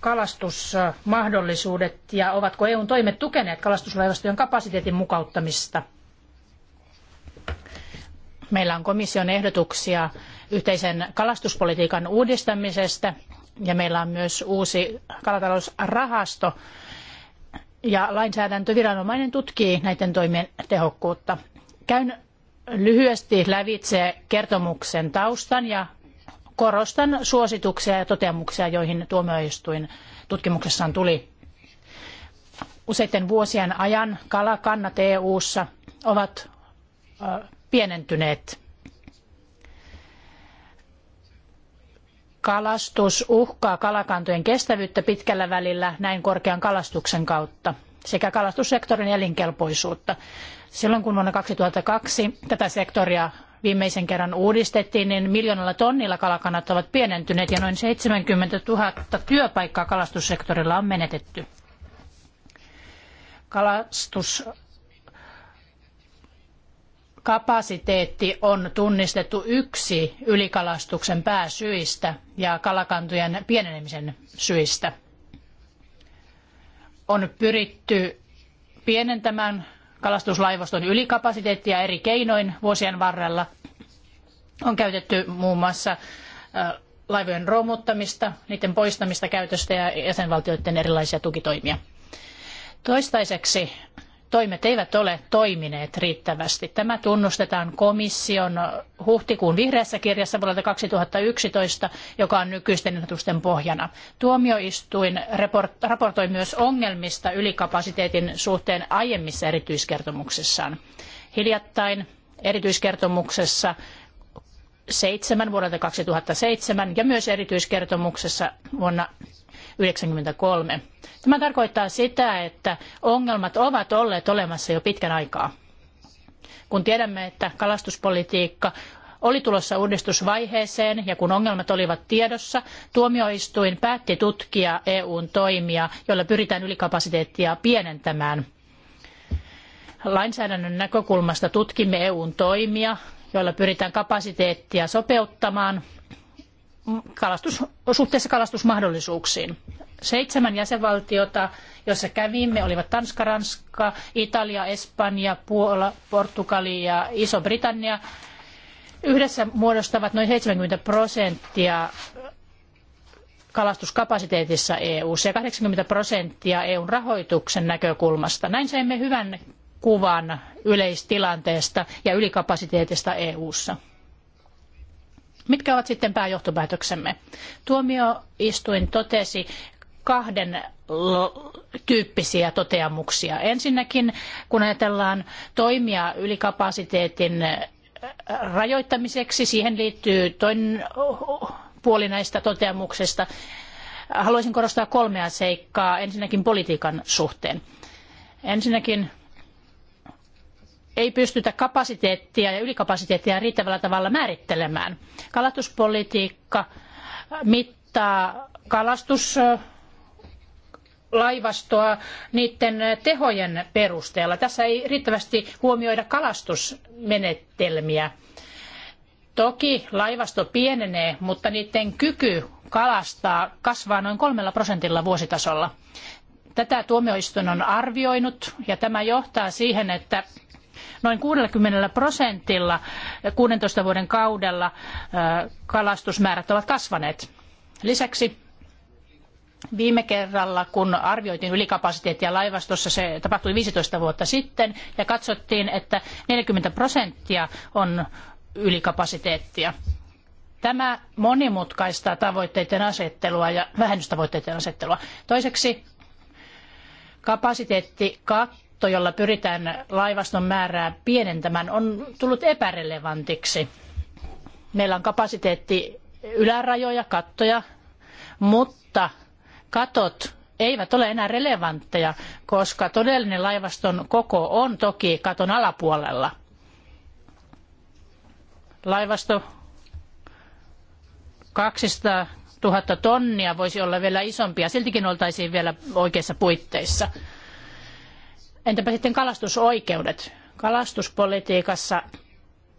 kalastusmahdollisuudet ja ovatko EUn toimet tukeneet kalastuslaivastojen kapasiteetin mukauttamista – Meillä on komission ehdotuksia yhteisen kalastuspolitiikan uudistamisesta ja meillä on myös uusi kalatalousrahasto. Ja lainsäädäntöviranomainen tutkii näiden toimien tehokkuutta. Käyn lyhyesti lävitse kertomuksen taustan ja korostan suosituksia ja toteamuksia, joihin tuomioistuin tutkimuksessaan tuli. Useiden vuosien ajan kalakannat EU-ssa ovat pienentyneet. Kalastus uhkaa kalakantojen kestävyyttä pitkällä välillä näin korkean kalastuksen kautta sekä kalastussektorin elinkelpoisuutta. Silloin kun vuonna 2002 tätä sektoria viimeisen kerran uudistettiin, niin miljoonalla tonnilla kalakannat ovat pienentyneet ja noin 70 000 työpaikkaa kalastussektorilla on menetetty. Kalastus kapasiteetti on tunnistettu yksi ylikalastuksen pääsyistä ja kalakantojen pienenemisen syistä. On pyritty pienentämään kalastuslaivaston ylikapasiteettia eri keinoin vuosien varrella. On käytetty muun muassa laivojen romuttamista, niiden poistamista käytöstä ja jäsenvaltioiden erilaisia tukitoimia. Toistaiseksi toimet eivät ole toimineet riittävästi. Tämä tunnustetaan komission huhtikuun vihreässä kirjassa vuodelta 2011, joka on nykyisten ehdotusten pohjana. Tuomioistuin raportoi myös ongelmista ylikapasiteetin suhteen aiemmissa erityiskertomuksissaan. Hiljattain erityiskertomuksessa seitsemän vuodelta 2007 ja myös erityiskertomuksessa vuonna 1993. Tämä tarkoittaa sitä, että ongelmat ovat olleet olemassa jo pitkän aikaa. Kun tiedämme, että kalastuspolitiikka oli tulossa uudistusvaiheeseen ja kun ongelmat olivat tiedossa, tuomioistuin päätti tutkia EUn toimia, joilla pyritään ylikapasiteettia pienentämään. Lainsäädännön näkökulmasta tutkimme EUn toimia, joilla pyritään kapasiteettia sopeuttamaan kalastus, suhteessa kalastusmahdollisuuksiin. Seitsemän jäsenvaltiota, joissa kävimme, olivat Tanska, Ranska, Italia, Espanja, Puola, Portugali ja Iso-Britannia. Yhdessä muodostavat noin 70 prosenttia kalastuskapasiteetissa EU ja 80 prosenttia EUn rahoituksen näkökulmasta. Näin saimme hyvän kuvan yleistilanteesta ja ylikapasiteetista EUssa. Mitkä ovat sitten pääjohtopäätöksemme? Tuomioistuin totesi kahden tyyppisiä toteamuksia. Ensinnäkin, kun ajatellaan toimia ylikapasiteetin äh, rajoittamiseksi, siihen liittyy toinen puoli näistä toteamuksista. Haluaisin korostaa kolmea seikkaa ensinnäkin politiikan suhteen. Ensinnäkin ei pystytä kapasiteettia ja ylikapasiteettia riittävällä tavalla määrittelemään. Kalastuspolitiikka mittaa kalastuslaivastoa niiden tehojen perusteella. Tässä ei riittävästi huomioida kalastusmenetelmiä. Toki laivasto pienenee, mutta niiden kyky kalastaa kasvaa noin kolmella prosentilla vuositasolla. Tätä tuomioistuin on arvioinut ja tämä johtaa siihen, että noin 60 prosentilla 16 vuoden kaudella kalastusmäärät ovat kasvaneet. Lisäksi Viime kerralla, kun arvioitiin ylikapasiteettia laivastossa, se tapahtui 15 vuotta sitten ja katsottiin, että 40 prosenttia on ylikapasiteettia. Tämä monimutkaistaa tavoitteiden asettelua ja vähennystavoitteiden asettelua. Toiseksi kapasiteettikatto katto, jolla pyritään laivaston määrää pienentämään, on tullut epärelevantiksi. Meillä on kapasiteetti ylärajoja, kattoja, mutta katot eivät ole enää relevantteja, koska todellinen laivaston koko on toki katon alapuolella. Laivasto 200 000 tonnia voisi olla vielä isompi ja siltikin oltaisiin vielä oikeissa puitteissa. Entäpä sitten kalastusoikeudet? Kalastuspolitiikassa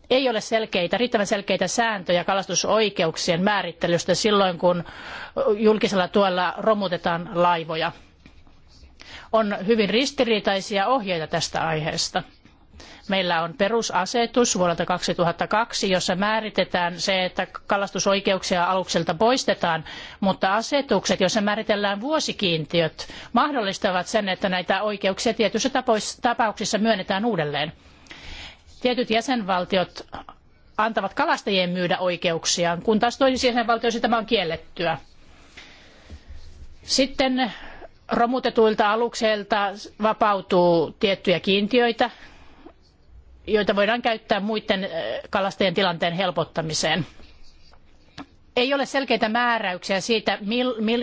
ei ole selkeitä, riittävän selkeitä sääntöjä kalastusoikeuksien määrittelystä silloin, kun julkisella tuella romutetaan laivoja. On hyvin ristiriitaisia ohjeita tästä aiheesta. Meillä on perusasetus vuodelta 2002, jossa määritetään se, että kalastusoikeuksia alukselta poistetaan, mutta asetukset, joissa määritellään vuosikiintiöt, mahdollistavat sen, että näitä oikeuksia tietyissä tapauksissa myönnetään uudelleen. Tietyt jäsenvaltiot antavat kalastajien myydä oikeuksiaan, kun taas toisissa jäsenvaltioissa tämä on kiellettyä. Sitten romutetuilta aluksilta vapautuu tiettyjä kiintiöitä joita voidaan käyttää muiden kalastajien tilanteen helpottamiseen. Ei ole selkeitä määräyksiä siitä,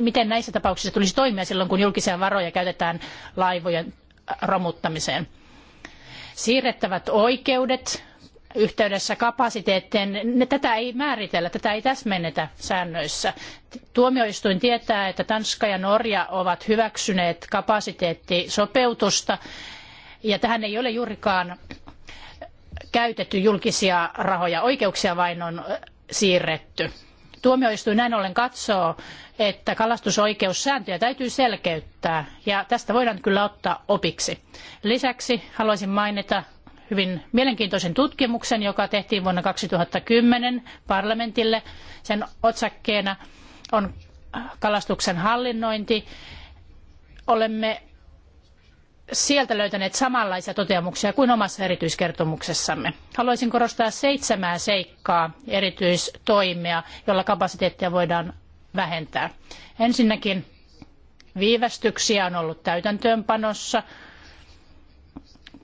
miten näissä tapauksissa tulisi toimia silloin, kun julkisia varoja käytetään laivojen romuttamiseen. Siirrettävät oikeudet yhteydessä kapasiteetteen, tätä ei määritellä, tätä ei täsmennetä säännöissä. Tuomioistuin tietää, että Tanska ja Norja ovat hyväksyneet kapasiteettisopeutusta, ja tähän ei ole juurikaan käytetty julkisia rahoja, oikeuksia vain on siirretty. Tuomioistuin näin ollen katsoo, että kalastusoikeussääntöjä täytyy selkeyttää ja tästä voidaan kyllä ottaa opiksi. Lisäksi haluaisin mainita hyvin mielenkiintoisen tutkimuksen, joka tehtiin vuonna 2010 parlamentille. Sen otsakkeena on kalastuksen hallinnointi. Olemme sieltä löytäneet samanlaisia toteamuksia kuin omassa erityiskertomuksessamme. Haluaisin korostaa seitsemää seikkaa erityistoimea, jolla kapasiteettia voidaan vähentää. Ensinnäkin viivästyksiä on ollut täytäntöönpanossa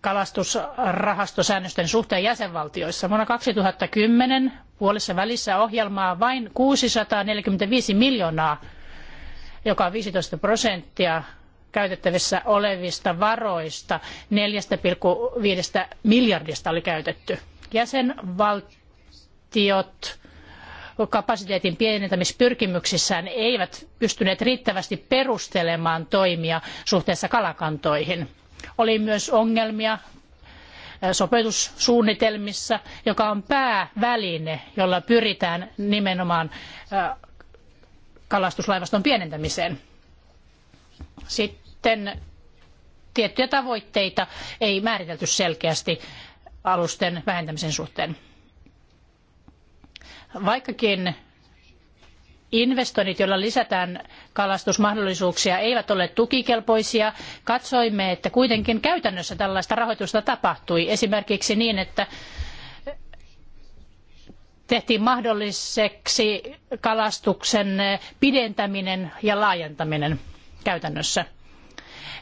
kalastusrahastosäännösten suhteen jäsenvaltioissa. Vuonna 2010 puolessa välissä ohjelmaa vain 645 miljoonaa, joka on 15 prosenttia käytettävissä olevista varoista 4,5 miljardista oli käytetty. Jäsenvaltiot kapasiteetin pienentämispyrkimyksissään eivät pystyneet riittävästi perustelemaan toimia suhteessa kalakantoihin. Oli myös ongelmia sopeutussuunnitelmissa, joka on pääväline, jolla pyritään nimenomaan kalastuslaivaston pienentämiseen. Sitten sitten tiettyjä tavoitteita ei määritelty selkeästi alusten vähentämisen suhteen. Vaikkakin investoinnit, joilla lisätään kalastusmahdollisuuksia, eivät ole tukikelpoisia. Katsoimme, että kuitenkin käytännössä tällaista rahoitusta tapahtui. Esimerkiksi niin, että tehtiin mahdolliseksi kalastuksen pidentäminen ja laajentaminen käytännössä.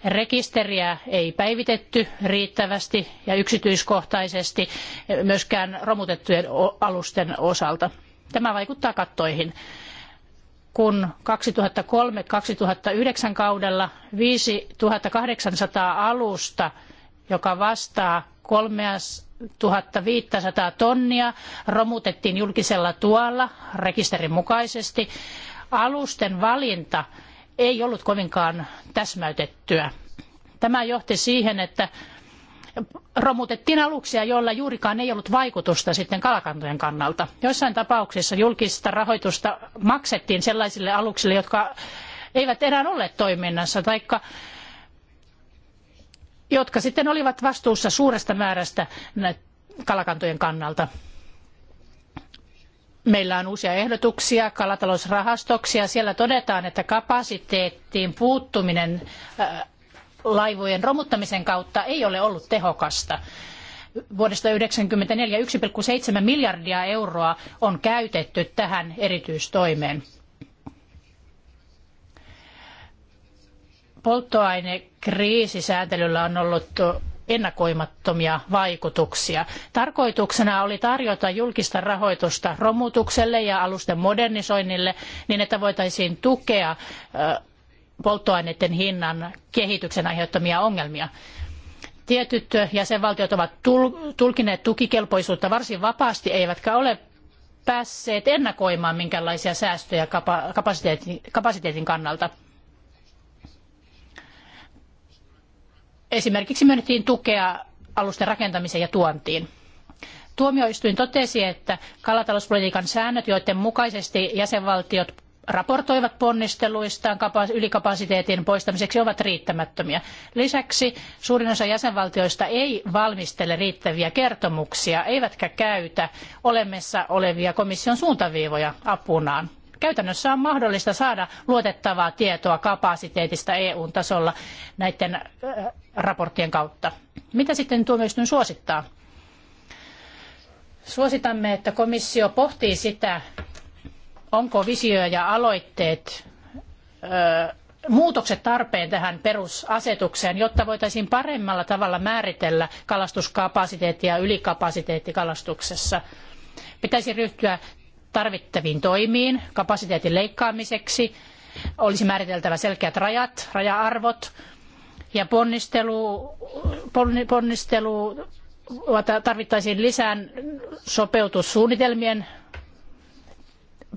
Rekisteriä ei päivitetty riittävästi ja yksityiskohtaisesti myöskään romutettujen alusten osalta. Tämä vaikuttaa kattoihin kun 2003-2009 kaudella 5800 alusta, joka vastaa 3500 tonnia, romutettiin julkisella tuolla rekisterin mukaisesti. Alusten valinta ei ollut kovinkaan täsmäytettyä. Tämä johti siihen, että romutettiin aluksia, joilla juurikaan ei ollut vaikutusta sitten kalakantojen kannalta. Joissain tapauksissa julkista rahoitusta maksettiin sellaisille aluksille, jotka eivät enää olleet toiminnassa, taikka jotka sitten olivat vastuussa suuresta määrästä kalakantojen kannalta. Meillä on uusia ehdotuksia kalatalousrahastoksi ja siellä todetaan, että kapasiteettiin puuttuminen äh, laivojen romuttamisen kautta ei ole ollut tehokasta. Vuodesta 1994 1,7 miljardia euroa on käytetty tähän erityistoimeen. Polttoainekriisisääntelyllä on ollut ennakoimattomia vaikutuksia. Tarkoituksena oli tarjota julkista rahoitusta romutukselle ja alusten modernisoinnille niin, että voitaisiin tukea polttoaineiden hinnan kehityksen aiheuttamia ongelmia. Tietyt jäsenvaltiot ovat tulkineet tukikelpoisuutta varsin vapaasti, eivätkä ole päässeet ennakoimaan minkälaisia säästöjä kapasiteetin, kapasiteetin kannalta. Esimerkiksi myönnettiin tukea alusten rakentamiseen ja tuontiin. Tuomioistuin totesi, että kalatalouspolitiikan säännöt, joiden mukaisesti jäsenvaltiot raportoivat ponnisteluistaan ylikapasiteetin poistamiseksi ovat riittämättömiä. Lisäksi suurin osa jäsenvaltioista ei valmistele riittäviä kertomuksia, eivätkä käytä olemassa olevia komission suuntaviivoja apunaan. Käytännössä on mahdollista saada luotettavaa tietoa kapasiteetista EU-tasolla näiden äh, raporttien kautta. Mitä sitten tuomioistuin suosittaa? Suositamme, että komissio pohtii sitä, onko visio ja aloitteet äh, muutokset tarpeen tähän perusasetukseen, jotta voitaisiin paremmalla tavalla määritellä kalastuskapasiteetti ja ylikapasiteetti kalastuksessa. Pitäisi ryhtyä tarvittaviin toimiin kapasiteetin leikkaamiseksi. Olisi määriteltävä selkeät rajat, raja-arvot ja ponnistelu, ponnistelu tarvittaisiin lisää sopeutussuunnitelmien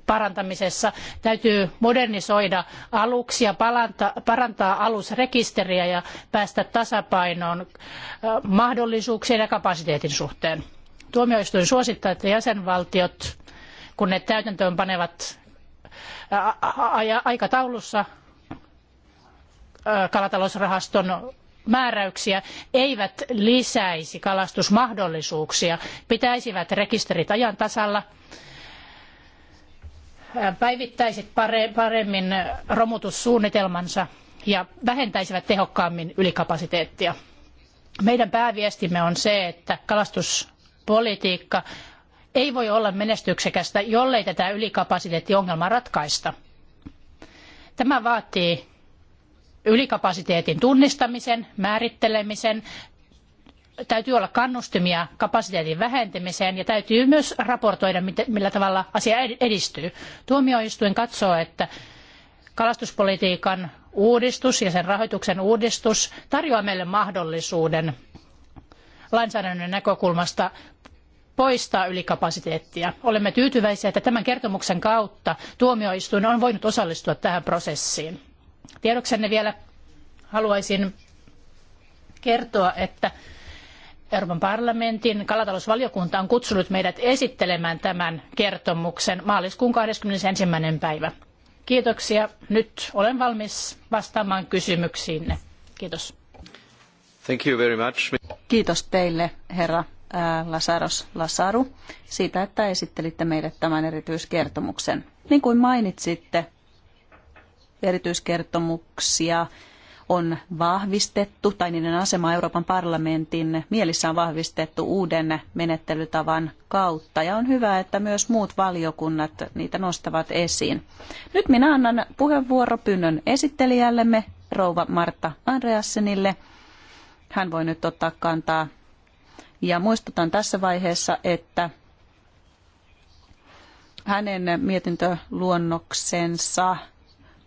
parantamisessa. Täytyy modernisoida aluksia, parantaa alusrekisteriä ja päästä tasapainoon äh, mahdollisuuksien ja kapasiteetin suhteen. Tuomioistuin suosittaa, että jäsenvaltiot kun ne täytäntöön panevat aikataulussa kalatalousrahaston määräyksiä eivät lisäisi kalastusmahdollisuuksia, pitäisivät rekisterit ajan tasalla, päivittäisivät paremmin romutussuunnitelmansa ja vähentäisivät tehokkaammin ylikapasiteettia. Meidän pääviestimme on se, että kalastuspolitiikka ei voi olla menestyksekästä, jollei tätä ylikapasiteettiongelmaa ratkaista. Tämä vaatii ylikapasiteetin tunnistamisen, määrittelemisen, täytyy olla kannustimia kapasiteetin vähentämiseen ja täytyy myös raportoida, millä tavalla asia edistyy. Tuomioistuin katsoo, että kalastuspolitiikan uudistus ja sen rahoituksen uudistus tarjoaa meille mahdollisuuden lainsäädännön näkökulmasta poistaa ylikapasiteettia. Olemme tyytyväisiä, että tämän kertomuksen kautta tuomioistuin on voinut osallistua tähän prosessiin. Tiedoksenne vielä haluaisin kertoa, että Euroopan parlamentin kalatalousvaliokunta on kutsunut meidät esittelemään tämän kertomuksen maaliskuun 21. päivä. Kiitoksia. Nyt olen valmis vastaamaan kysymyksiinne. Kiitos. Thank you very much. Kiitos teille, herra Lasaros Lasaru siitä, että esittelitte meille tämän erityiskertomuksen. Niin kuin mainitsitte, erityiskertomuksia on vahvistettu tai niiden asema Euroopan parlamentin mielissä on vahvistettu uuden menettelytavan kautta ja on hyvä, että myös muut valiokunnat niitä nostavat esiin. Nyt minä annan puheenvuoropynnön esittelijällemme rouva Martta Andreassenille. Hän voi nyt ottaa kantaa ja muistutan tässä vaiheessa, että hänen mietintöluonnoksensa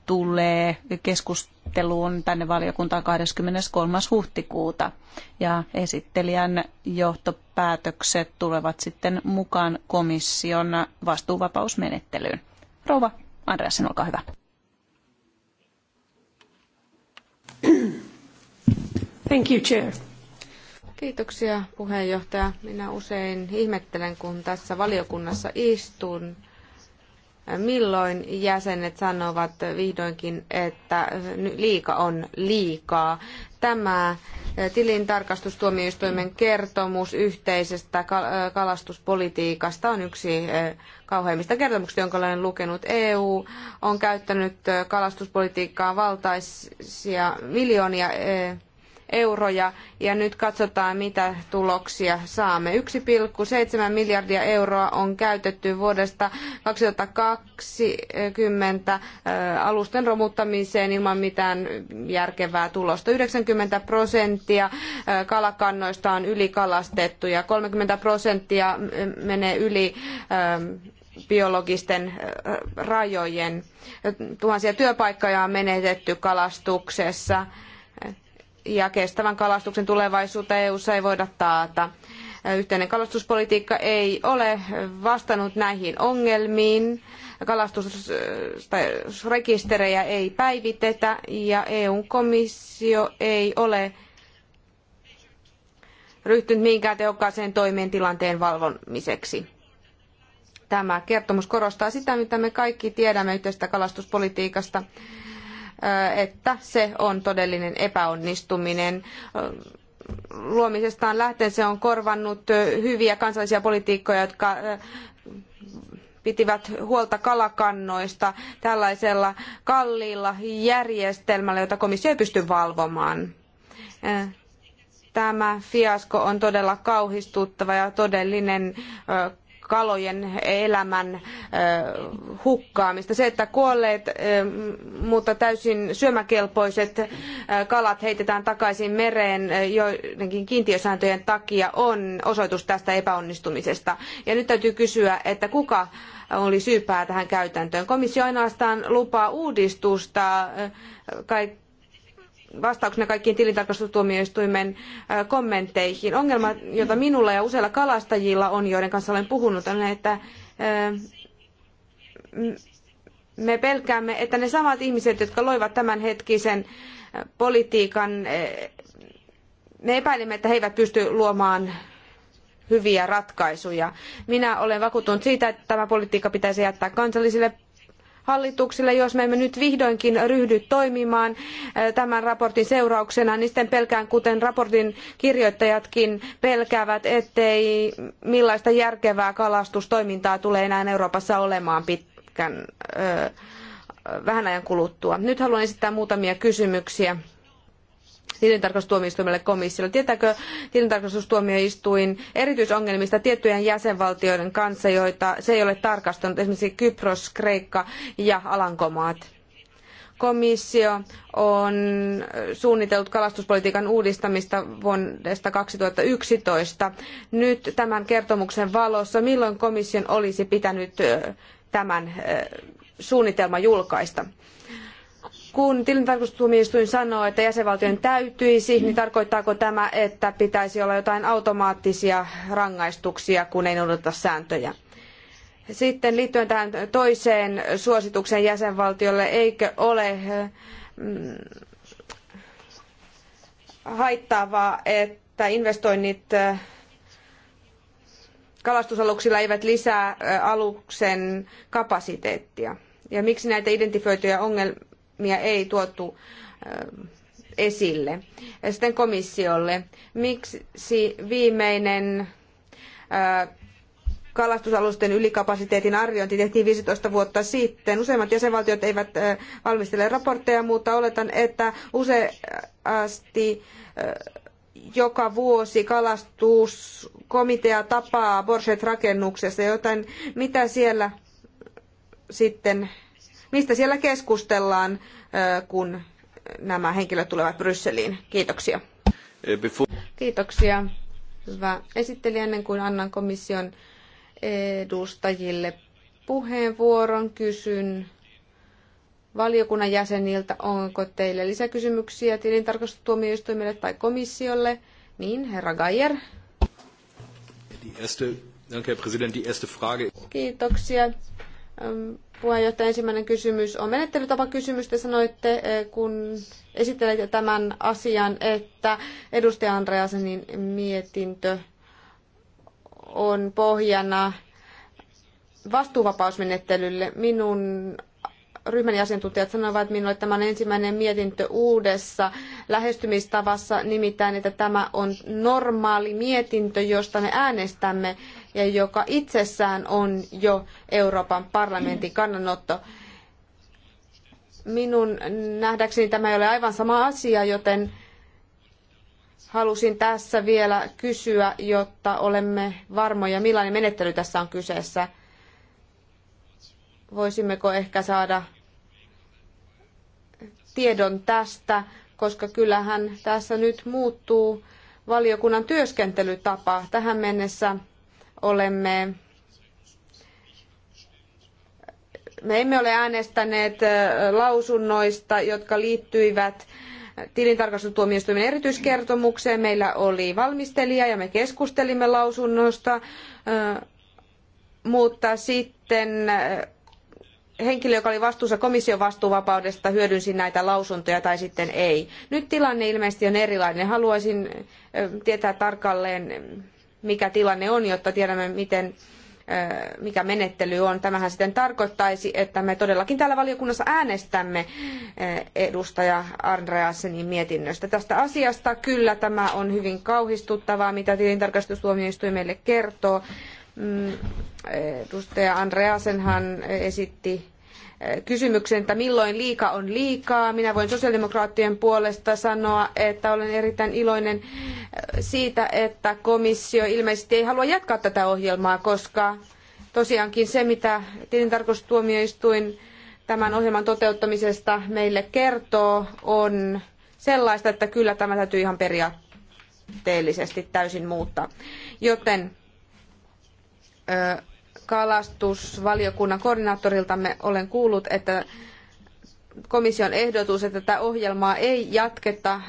tulee keskusteluun tänne valiokuntaan 23. huhtikuuta ja esittelijän johtopäätökset tulevat sitten mukaan komission vastuuvapausmenettelyyn. Rouva Andreasen, olkaa hyvä. Thank you, Chair. Kiitoksia puheenjohtaja. Minä usein ihmettelen, kun tässä valiokunnassa istun, milloin jäsenet sanovat vihdoinkin, että liika on liikaa. Tämä eh, tilintarkastustuomioistuimen kertomus yhteisestä eh, kalastuspolitiikasta on yksi eh, kauheimmista kertomuksista, jonka olen lukenut. EU on käyttänyt kalastuspolitiikkaan valtaisia miljoonia euroja ja nyt katsotaan, mitä tuloksia saamme. Yksi seitsemän miljardia euroa on käytetty vuodesta 2020 äh, alusten romuttamiseen ilman mitään järkevää tulosta. 90 prosenttia äh, kalakannoista on ylikalastettu ja 30 prosenttia menee yli ähm, biologisten äh, rajojen. Tuhansia työpaikkoja on menetetty kalastuksessa ja kestävän kalastuksen tulevaisuutta EU:ssa ei voida taata. Yhteinen kalastuspolitiikka ei ole vastannut näihin ongelmiin. Kalastusrekisterejä ei päivitetä ja EUn komissio ei ole ryhtynyt minkään tehokkaaseen toimeen tilanteen valvomiseksi. Tämä kertomus korostaa sitä, mitä me kaikki tiedämme yhteisestä kalastuspolitiikasta että se on todellinen epäonnistuminen. Luomisestaan lähtien se on korvannut hyviä kansallisia politiikkoja, jotka pitivät huolta kalakannoista tällaisella kalliilla järjestelmällä, jota komissio ei pysty valvomaan. Tämä fiasko on todella kauhistuttava ja todellinen kalojen elämän hukkaamista. Se, että kuolleet, mutta täysin syömäkelpoiset kalat heitetään takaisin mereen joidenkin kiintiösääntöjen takia, on osoitus tästä epäonnistumisesta. Ja nyt täytyy kysyä, että kuka oli syypää tähän käytäntöön. Komissio ainoastaan lupaa uudistusta kaikki vastauksena kaikkiin tilintarkastustuomioistuimen kommentteihin. Ongelma, jota minulla ja useilla kalastajilla on, joiden kanssa olen puhunut, on, että me pelkäämme, että ne samat ihmiset, jotka loivat tämänhetkisen politiikan, me epäilemme, että he eivät pysty luomaan hyviä ratkaisuja. Minä olen vakuuttunut siitä, että tämä politiikka pitäisi jättää kansallisille hallituksille, jos me emme nyt vihdoinkin ryhdy toimimaan eh, tämän raportin seurauksena, niin sitten pelkään, kuten raportin kirjoittajatkin pelkäävät, ettei millaista järkevää kalastustoimintaa tulee enää Euroopassa olemaan pitkän, ö, eh, vähän ajan kuluttua. Nyt haluan esittää muutamia kysymyksiä tilintarkastustuomioistuimelle komissiolle. Tietääkö tilintarkastustuomioistuin erityisongelmista tiettyjen jäsenvaltioiden kanssa, joita se ei ole tarkastanut, esimerkiksi Kypros, Kreikka ja Alankomaat? komissio on suunnitellut kalastuspolitiikan uudistamista vuodesta 2011. Nyt tämän kertomuksen valossa, milloin komission olisi pitänyt tämän suunnitelman julkaista? kun tilintarkastustuomioistuin sanoo, että jäsenvaltion täytyisi, niin tarkoittaako tämä, että pitäisi olla jotain automaattisia rangaistuksia, kun ei noudata sääntöjä? Sitten liittyen tähän toiseen suositukseen jäsenvaltiolle, eikö ole mm, haittaavaa, että investoinnit kalastusaluksilla eivät lisää aluksen kapasiteettia? Ja miksi näitä identifioituja ongelmia ei tuotu esille. Ja sitten komissiolle, miksi viimeinen kalastusalusten ylikapasiteetin arviointi tehtiin 15 vuotta sitten. Useimmat jäsenvaltiot eivät valmistele raportteja, mutta oletan, että useasti joka vuosi kalastuskomitea tapaa Borset-rakennuksessa, joten mitä siellä sitten mistä siellä keskustellaan, kun nämä henkilöt tulevat Brysseliin. Kiitoksia. Kiitoksia. Hyvä esitteli ennen kuin annan komission edustajille puheenvuoron. Kysyn valiokunnan jäseniltä, onko teille lisäkysymyksiä tilintarkastustuomioistuimelle tai komissiolle. Niin, herra Geier. Kiitoksia. Puheenjohtaja, ensimmäinen kysymys on menettelytapakysymys. Te sanoitte, eh, kun esittelette tämän asian, että edustaja Andreasenin mietintö on pohjana vastuuvapausmenettelylle. Minun ryhmäni asiantuntijat sanoivat minulle, että tämä on ensimmäinen mietintö uudessa lähestymistavassa, nimittäin, että tämä on normaali mietintö, josta me äänestämme ja joka itsessään on jo Euroopan parlamentin kannanotto. Minun nähdäkseni tämä ei ole aivan sama asia, joten halusin tässä vielä kysyä, jotta olemme varmoja, millainen menettely tässä on kyseessä. Voisimmeko ehkä saada tiedon tästä, koska kyllähän tässä nyt muuttuu valiokunnan työskentelytapa. Tähän mennessä olemme me emme ole äänestäneet lausunnoista, jotka liittyivät tilintarkastustuomioistuimen erityiskertomukseen. Meillä oli valmistelija ja me keskustelimme lausunnosta, mutta sitten henkilö, joka oli vastuussa komission vastuuvapaudesta, hyödynsi näitä lausuntoja tai sitten ei. Nyt tilanne ilmeisesti on erilainen. Haluaisin tietää tarkalleen, mikä tilanne on, jotta tiedämme, miten, äh, mikä menettely on. Tämähän sitten tarkoittaisi, että me todellakin täällä valiokunnassa äänestämme äh, edustaja Andreasenin mietinnöstä tästä asiasta. Kyllä tämä on hyvin kauhistuttavaa, mitä tilintarkastustuomioistuin meille kertoo. Mm, äh, edustaja Andreasenhan esitti kysymyksen, että milloin liika on liikaa. Minä voin sosiaalidemokraattien puolesta sanoa, että olen erittäin iloinen äh, siitä, että komissio ilmeisesti ei halua jatkaa tätä ohjelmaa, koska tosiaankin se, mitä tilintarkastustuomioistuin tämän ohjelman toteuttamisesta meille kertoo, on sellaista, että kyllä tämä täytyy ihan periaatteellisesti täysin muuttaa. Joten kalastusvaliokunnan koordinaattoriltamme olen kuullut, että komission ehdotus, että tätä ohjelmaa ei jatketa,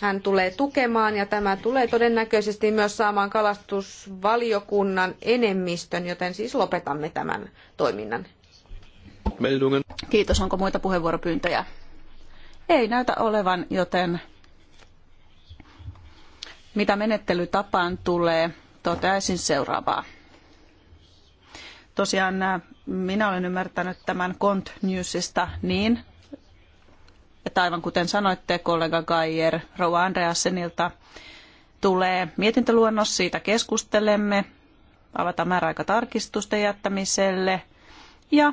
hän tulee tukemaan ja tämä tulee todennäköisesti myös saamaan kalastusvaliokunnan enemmistön, joten siis lopetamme tämän toiminnan. Kiitos. Onko muita puheenvuoropyyntöjä? Ei näytä olevan, joten mitä menettelytapaan tulee, toteaisin seuraavaa. Tosiaan äh, minä olen ymmärtänyt tämän Cont Newsista niin, että aivan kuten sanoitte kollega Gaier Rouva Andreasenilta, tulee mietintöluonnos, siitä keskustelemme, avataan määräaika tarkistusten jättämiselle ja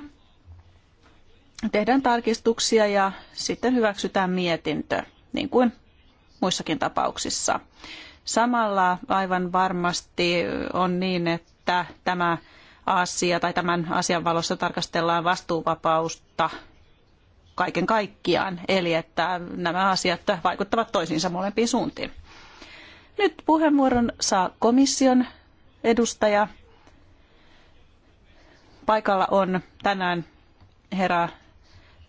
tehdään tarkistuksia ja sitten hyväksytään mietintö, niin kuin muissakin tapauksissa. Samalla aivan varmasti on niin, että tämä asia tai tämän asian valossa tarkastellaan vastuuvapausta kaiken kaikkiaan, eli että nämä asiat vaikuttavat toisiinsa molempiin suuntiin. Nyt puheenvuoron saa komission edustaja. Paikalla on tänään herra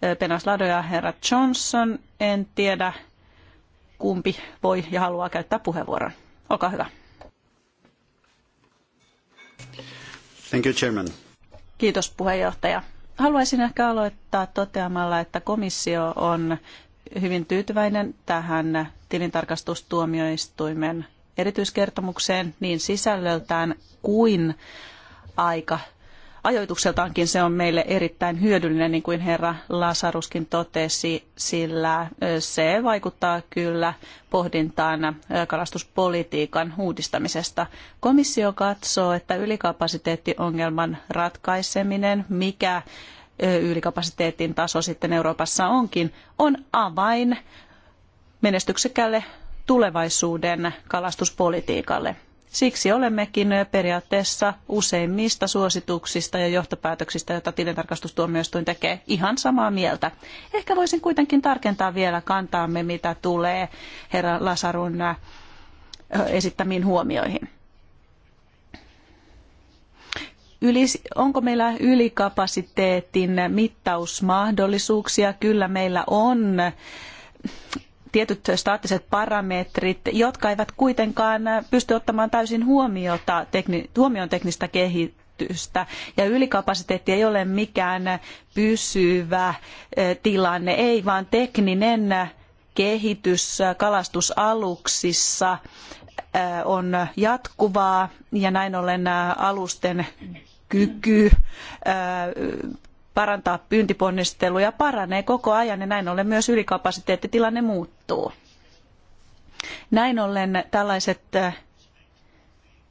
eh, Penaslado ja herra Johnson. En tiedä, kumpi voi ja haluaa käyttää puheenvuoron. Olkaa hyvä. Thank you, Chairman. Kiitos puheenjohtaja. Haluaisin ehkä aloittaa toteamalla, että komissio on hyvin tyytyväinen tähän tilintarkastustuomioistuimen erityiskertomukseen niin sisällöltään kuin aika ajoitukseltaankin se on meille erittäin hyödyllinen, niin kuin herra Lasaruskin totesi, sillä se vaikuttaa kyllä pohdintaan kalastuspolitiikan uudistamisesta. Komissio katsoo, että ylikapasiteettiongelman ratkaiseminen, mikä ylikapasiteetin taso sitten Euroopassa onkin, on avain menestyksekkäälle tulevaisuuden kalastuspolitiikalle. Siksi olemmekin periaatteessa useimmista suosituksista ja johtopäätöksistä, joita tilintarkastustuomioistuin tekee, ihan samaa mieltä. Ehkä voisin kuitenkin tarkentaa vielä kantaamme, mitä tulee herra Lasarun esittämiin huomioihin. Yli, onko meillä ylikapasiteetin mittausmahdollisuuksia? Kyllä meillä on tietyt staattiset parametrit, jotka eivät kuitenkaan pysty ottamaan täysin huomiota, tekni, huomioon teknistä kehitystä. Ja ylikapasiteetti ei ole mikään pysyvä eh, tilanne, ei vaan tekninen kehitys kalastusaluksissa eh, on jatkuvaa ja näin ollen eh, alusten kyky parantaa pyyntiponnisteluja paranee koko ajan ja näin ollen myös ylikapasiteettitilanne muuttuu. Näin ollen tällaiset, äh,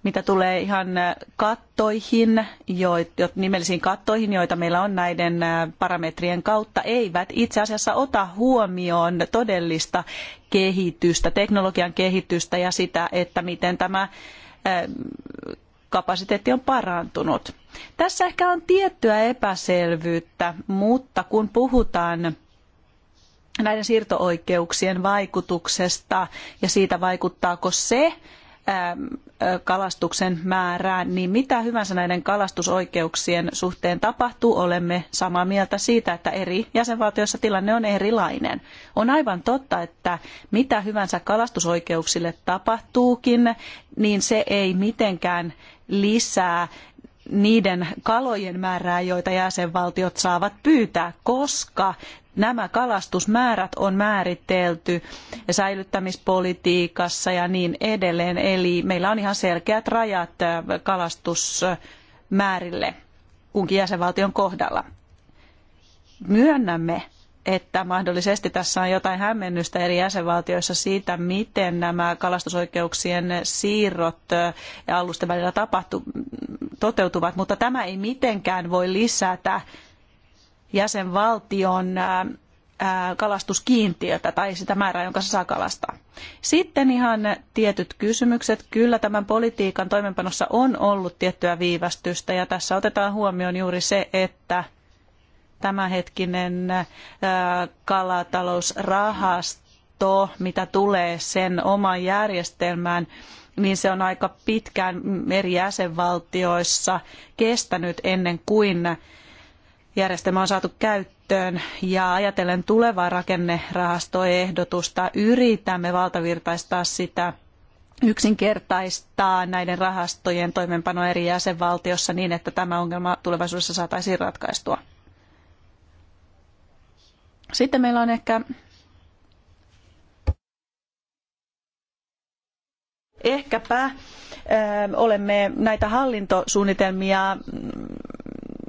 mitä tulee ihan äh, kattoihin, jo, nimellisiin kattoihin, joita meillä on näiden äh, parametrien kautta, eivät itse asiassa ota huomioon todellista kehitystä, teknologian kehitystä ja sitä, että miten tämä kapasiteetti on parantunut. Tässä ehkä on tiettyä epäselvyyttä, mutta kun puhutaan näiden siirtooikeuksien vaikutuksesta ja siitä vaikuttaako se Ähm, kalastuksen määrää, niin mitä hyvänsä näiden kalastusoikeuksien suhteen tapahtuu, olemme samaa mieltä siitä, että eri jäsenvaltioissa tilanne on erilainen. On aivan totta, että mitä hyvänsä kalastusoikeuksille tapahtuukin, niin se ei mitenkään lisää niiden kalojen määrää, joita jäsenvaltiot saavat pyytää, koska nämä kalastusmäärät on määritelty säilyttämispolitiikassa ja niin edelleen. Eli meillä on ihan selkeät rajat äh, kalastusmäärille kunkin jäsenvaltion kohdalla. Myönnämme, että mahdollisesti tässä on jotain hämmennystä eri jäsenvaltioissa siitä, miten nämä kalastusoikeuksien siirrot äh, ja alusten välillä tapahtu, toteutuvat, mutta tämä ei mitenkään voi lisätä jäsenvaltion kalastuskiintiötä tai sitä määrää, jonka se saa kalastaa. Sitten ihan tietyt kysymykset. Kyllä tämän politiikan toimenpanossa on ollut tiettyä viivästystä ja tässä otetaan huomioon juuri se, että tämänhetkinen kalatalousrahasto, mitä tulee sen omaan järjestelmään, niin se on aika pitkään eri jäsenvaltioissa kestänyt ennen kuin järjestelmä on saatu käyttöön ja ajatellen tulevaa rakennerahastoehdotusta yritämme valtavirtaistaa sitä yksinkertaistaa näiden rahastojen toimeenpano eri jäsenvaltiossa niin, että tämä ongelma tulevaisuudessa saataisiin ratkaistua. Sitten meillä on ehkä ehkäpä olemme näitä hallintosuunnitelmia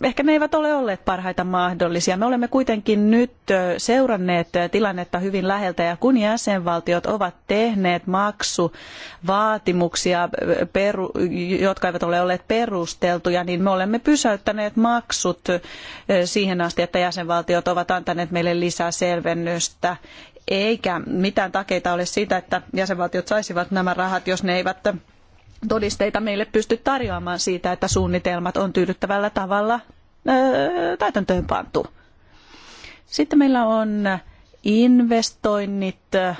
ehkä ne eivät ole olleet parhaita mahdollisia. Me olemme kuitenkin nyt seuranneet tilannetta hyvin läheltä ja kun jäsenvaltiot ovat tehneet maksuvaatimuksia, jotka eivät ole olleet perusteltuja, niin me olemme pysäyttäneet maksut siihen asti, että jäsenvaltiot ovat antaneet meille lisää selvennystä eikä mitään takeita ole siitä, että jäsenvaltiot saisivat nämä rahat, jos ne eivät todisteita meille pysty tarjoamaan siitä, että suunnitelmat on tyydyttävällä tavalla öö, täytäntöön pantu. Sitten meillä on investoinnit öö,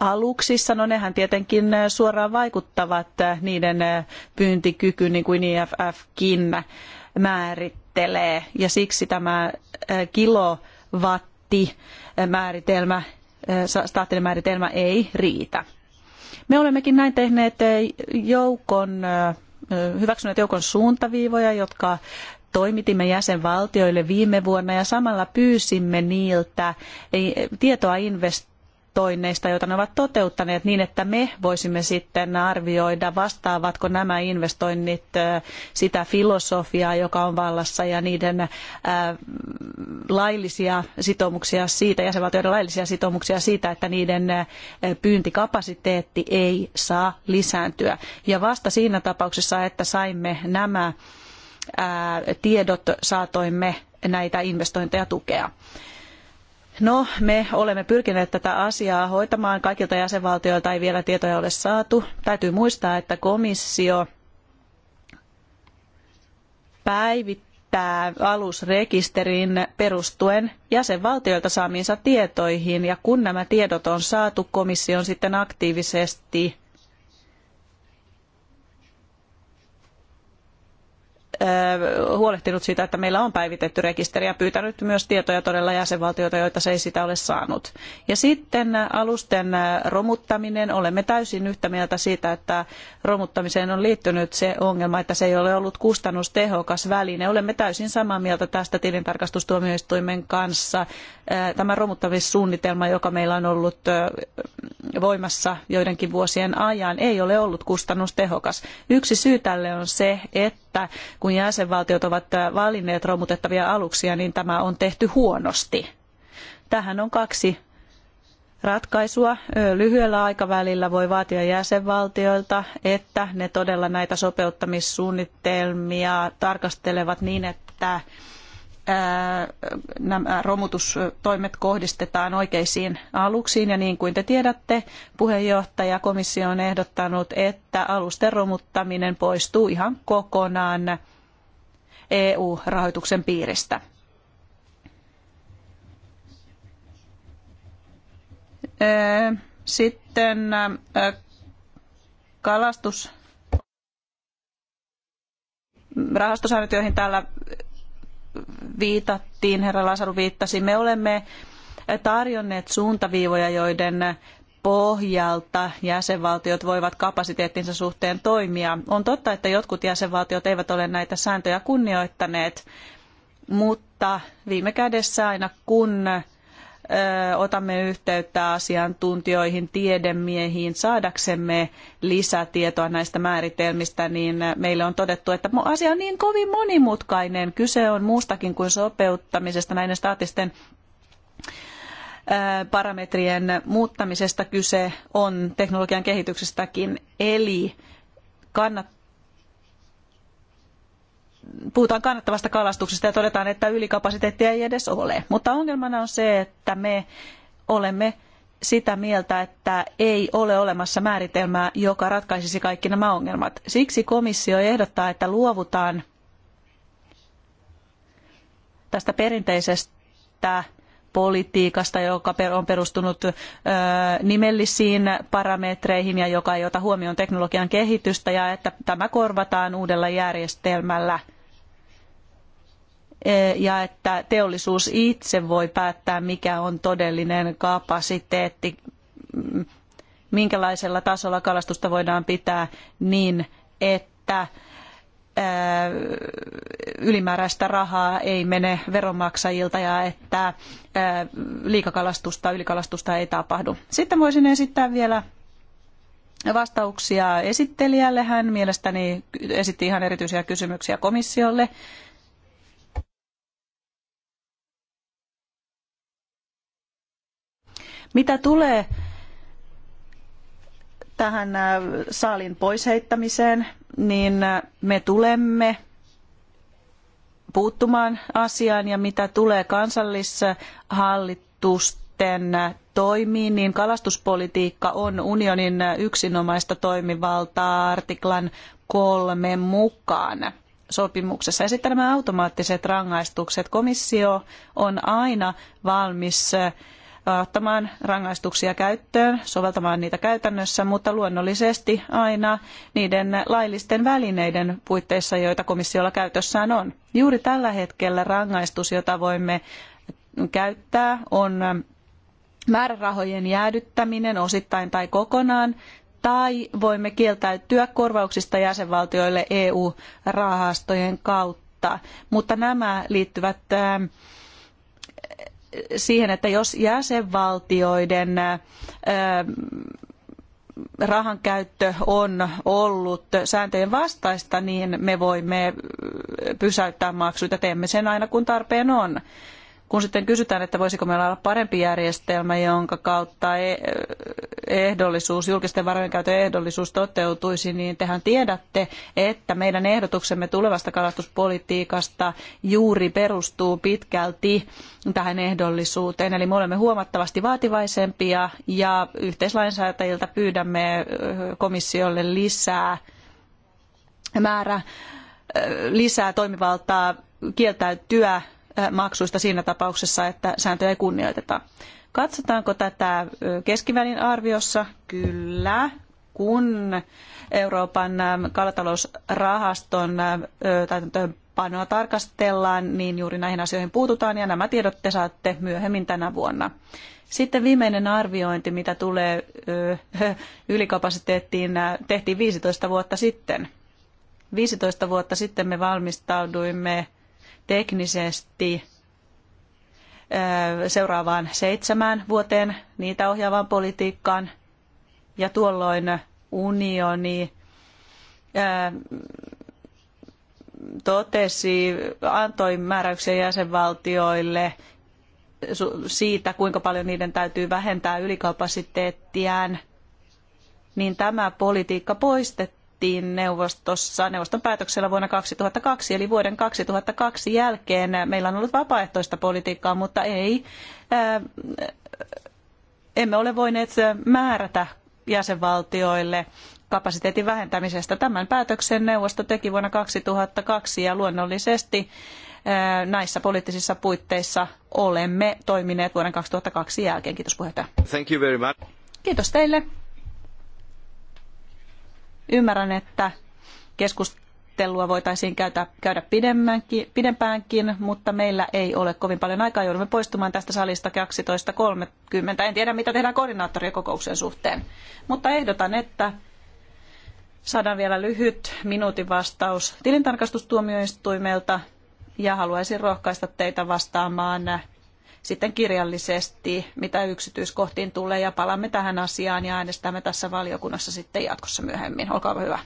aluksissa, no nehän tietenkin öö, suoraan vaikuttavat niiden pyyntikyky, niin kuin IFFkin määrittelee. Ja siksi tämä kilowatti määritelmä, staattinen määritelmä ei riitä. Me olemmekin näin tehneet eh, joukon, eh, hyväksyneet joukon suuntaviivoja, jotka toimitimme jäsenvaltioille viime vuonna ja samalla pyysimme niiltä eh, tietoa investoinneista investoinneista, joita ne ovat toteuttaneet, niin että me voisimme sitten arvioida, vastaavatko nämä investoinnit sitä filosofiaa, joka on vallassa ja niiden laillisia sitoumuksia siitä, jäsenvaltioiden laillisia sitoumuksia siitä, että niiden pyyntikapasiteetti ei saa lisääntyä. Ja vasta siinä tapauksessa, että saimme nämä tiedot, saatoimme näitä investointeja tukea. No, me olemme pyrkineet tätä asiaa hoitamaan. Kaikilta jäsenvaltioilta ei vielä tietoja ole saatu. Täytyy muistaa, että komissio päivittää alusrekisterin perustuen jäsenvaltioilta saamiinsa tietoihin. Ja kun nämä tiedot on saatu, komissio on sitten aktiivisesti huolehtinut siitä, että meillä on päivitetty rekisteri ja pyytänyt myös tietoja todella jäsenvaltioita, joita se ei sitä ole saanut. Ja sitten alusten romuttaminen. Olemme täysin yhtä mieltä siitä, että romuttamiseen on liittynyt se ongelma, että se ei ole ollut kustannustehokas väline. Olemme täysin samaa mieltä tästä tilintarkastustuomioistuimen kanssa. Tämä romuttamissuunnitelma, joka meillä on ollut voimassa joidenkin vuosien ajan, ei ole ollut kustannustehokas. Yksi syy tälle on se, että että kun jäsenvaltiot ovat äh, valinneet romutettavia aluksia, niin tämä on tehty huonosti. Tähän on kaksi ratkaisua. Lyhyellä aikavälillä voi vaatia jäsenvaltioilta, että ne todella näitä sopeuttamissuunnitelmia tarkastelevat niin, että nämä romutustoimet kohdistetaan oikeisiin aluksiin. Ja niin kuin te tiedätte, puheenjohtaja komissio on ehdottanut, että alusten romuttaminen poistuu ihan kokonaan EU-rahoituksen piiristä. Sitten kalastusrahastosäännöt, joihin täällä viitattiin, herra Lasaru viittasi, me olemme tarjonneet suuntaviivoja, joiden pohjalta jäsenvaltiot voivat kapasiteettinsa suhteen toimia. On totta, että jotkut jäsenvaltiot eivät ole näitä sääntöjä kunnioittaneet, mutta viime kädessä aina kun otamme yhteyttä asiantuntijoihin, tiedemiehiin, saadaksemme lisätietoa näistä määritelmistä, niin meille on todettu, että asia on niin kovin monimutkainen. Kyse on muustakin kuin sopeuttamisesta näiden staattisten parametrien muuttamisesta kyse on teknologian kehityksestäkin, eli kannattaa puhutaan kannattavasta kalastuksesta ja todetaan, että ylikapasiteettia ei edes ole. Mutta ongelmana on se, että me olemme sitä mieltä, että ei ole olemassa määritelmää, joka ratkaisisi kaikki nämä ongelmat. Siksi komissio ehdottaa, että luovutaan tästä perinteisestä politiikasta, joka on perustunut nimellisiin parametreihin ja joka ei ota huomioon teknologian kehitystä ja että tämä korvataan uudella järjestelmällä – Eh, ja että teollisuus itse voi päättää, mikä on todellinen kapasiteetti, mm, minkälaisella tasolla kalastusta voidaan pitää niin, että eh, ylimääräistä rahaa ei mene veronmaksajilta ja että eh, liikakalastusta, ylikalastusta ei tapahdu. Sitten voisin esittää vielä vastauksia esittelijälle. Hän mielestäni esitti ihan erityisiä kysymyksiä komissiolle Mitä tulee tähän äh, saalin poisheittämiseen, niin äh, me tulemme puuttumaan asiaan ja mitä tulee kansallishallitusten äh, toimiin, niin kalastuspolitiikka on unionin yksinomaista toimivaltaa artiklan kolme mukaan sopimuksessa. Ja sitten nämä automaattiset rangaistukset. Komissio on aina valmis ottamaan rangaistuksia käyttöön, soveltamaan niitä käytännössä, mutta luonnollisesti aina niiden laillisten välineiden puitteissa, joita komissiolla käytössään on. Juuri tällä hetkellä rangaistus, jota voimme käyttää, on määrärahojen jäädyttäminen osittain tai kokonaan, tai voimme kieltäytyä korvauksista jäsenvaltioille EU-rahastojen kautta. Mutta nämä liittyvät siihen, että jos jäsenvaltioiden rahan käyttö on ollut sääntöjen vastaista, niin me voimme pysäyttää maksut ja teemme sen aina kun tarpeen on. Kun sitten kysytään, että voisiko meillä olla parempi järjestelmä, jonka kautta e- ehdollisuus, julkisten varojen käytön ehdollisuus toteutuisi, niin tehän tiedätte, että meidän ehdotuksemme tulevasta kalastuspolitiikasta juuri perustuu pitkälti tähän ehdollisuuteen. Eli me olemme huomattavasti vaativaisempia ja yhteislainsäätäjiltä pyydämme komissiolle lisää määrä lisää toimivaltaa kieltäytyä maksuista siinä tapauksessa, että sääntöjä ei kunnioiteta. Katsotaanko tätä keskivälin arviossa? Kyllä, kun Euroopan kalatalousrahaston täytäntöönpanoa tarkastellaan, niin juuri näihin asioihin puututaan ja nämä tiedot te saatte myöhemmin tänä vuonna. Sitten viimeinen arviointi, mitä tulee <laughs> ylikapasiteettiin, tehtiin 15 vuotta sitten. 15 vuotta sitten me valmistauduimme teknisesti seuraavaan seitsemään vuoteen niitä ohjaavaan politiikkaan. Ja tuolloin unioni totesi, antoi määräyksiä jäsenvaltioille siitä, kuinka paljon niiden täytyy vähentää ylikapasiteettiään, niin tämä politiikka poistettiin hyväksyttiin neuvostossa neuvoston päätöksellä vuonna 2002, eli vuoden 2002 jälkeen meillä on ollut vapaaehtoista politiikkaa, mutta ei, ää, äh, emme ole voineet määrätä jäsenvaltioille kapasiteetin vähentämisestä. Tämän päätöksen neuvosto teki vuonna 2002 ja luonnollisesti äh, näissä poliittisissa puitteissa olemme toimineet vuoden 2002 jälkeen. Kiitos puheenjohtaja. Thank you very much. Kiitos teille. Ymmärrän, että keskustelua voitaisiin käydä, käydä pidempäänkin, mutta meillä ei ole kovin paljon aikaa. Joudumme poistumaan tästä salista 12.30. En tiedä, mitä tehdään koordinaattorien kokouksen suhteen, mutta ehdotan, että saadaan vielä lyhyt minuutin vastaus tilintarkastustuomioistuimelta ja haluaisin rohkaista teitä vastaamaan sitten kirjallisesti, mitä yksityiskohtiin tulee, ja palaamme tähän asiaan ja äänestämme tässä valiokunnassa sitten jatkossa myöhemmin. Olkaa hyvä.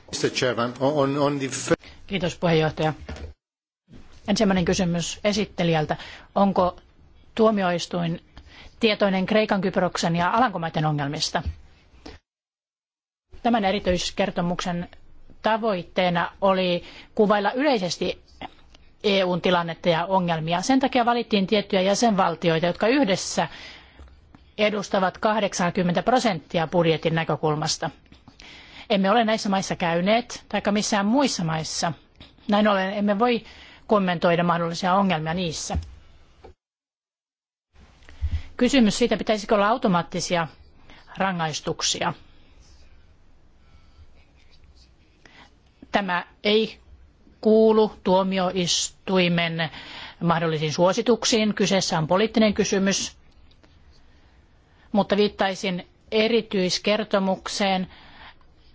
Kiitos puheenjohtaja. Ensimmäinen kysymys esittelijältä. Onko tuomioistuin tietoinen Kreikan, Kyproksen ja Alankomaiden ongelmista? Tämän erityiskertomuksen tavoitteena oli kuvailla yleisesti EUn tilannetta ja ongelmia. Sen takia valittiin tiettyjä jäsenvaltioita, jotka yhdessä edustavat 80 prosenttia budjetin näkökulmasta. Emme ole näissä maissa käyneet, tai missään muissa maissa. Näin ollen emme voi kommentoida mahdollisia ongelmia niissä. Kysymys siitä, pitäisikö olla automaattisia rangaistuksia. Tämä ei kuulu tuomioistuimen mahdollisiin suosituksiin. Kyseessä on poliittinen kysymys, mutta viittaisin erityiskertomukseen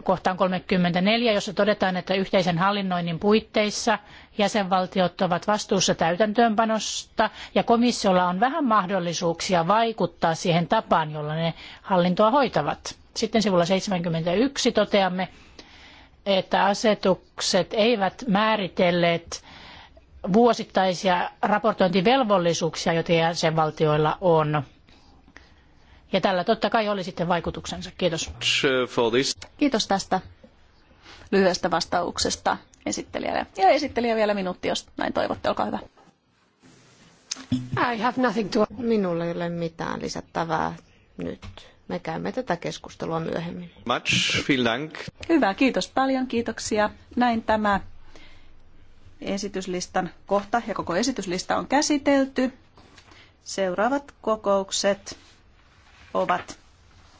kohtaan 34, jossa todetaan, että yhteisen hallinnoinnin puitteissa jäsenvaltiot ovat vastuussa täytäntöönpanosta ja komissiolla on vähän mahdollisuuksia vaikuttaa siihen tapaan, jolla ne hallintoa hoitavat. Sitten sivulla 71 toteamme, että asetukset eivät määritelleet vuosittaisia raportointivelvollisuuksia, joita jäsenvaltioilla on. Ja tällä totta kai oli sitten vaikutuksensa. Kiitos. Kiitos tästä lyhyestä vastauksesta esittelijälle. Ja esittelijä vielä minuutti, jos näin toivotte. Olkaa hyvä. I have nothing to... Minulla ei ole mitään lisättävää nyt. Me käymme tätä keskustelua myöhemmin. Much, dank. Hyvä, kiitos paljon, kiitoksia. Näin tämä esityslistan kohta ja koko esityslista on käsitelty. Seuraavat kokoukset ovat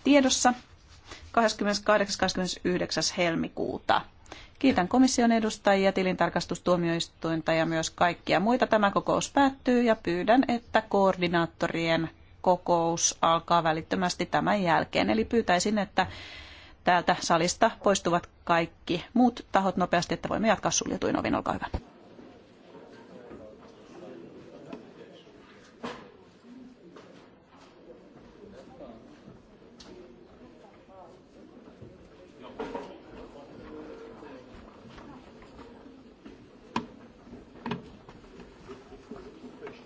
tiedossa 28.–29. helmikuuta. Kiitän komission edustajia, tilintarkastustuomioistuinta ja myös kaikkia muita. Tämä kokous päättyy ja pyydän, että koordinaattorien kokous alkaa välittömästi tämän jälkeen. Eli pyytäisin, että täältä salista poistuvat kaikki muut tahot nopeasti, että voimme jatkaa suljetuin ovin. Olkaa hyvä.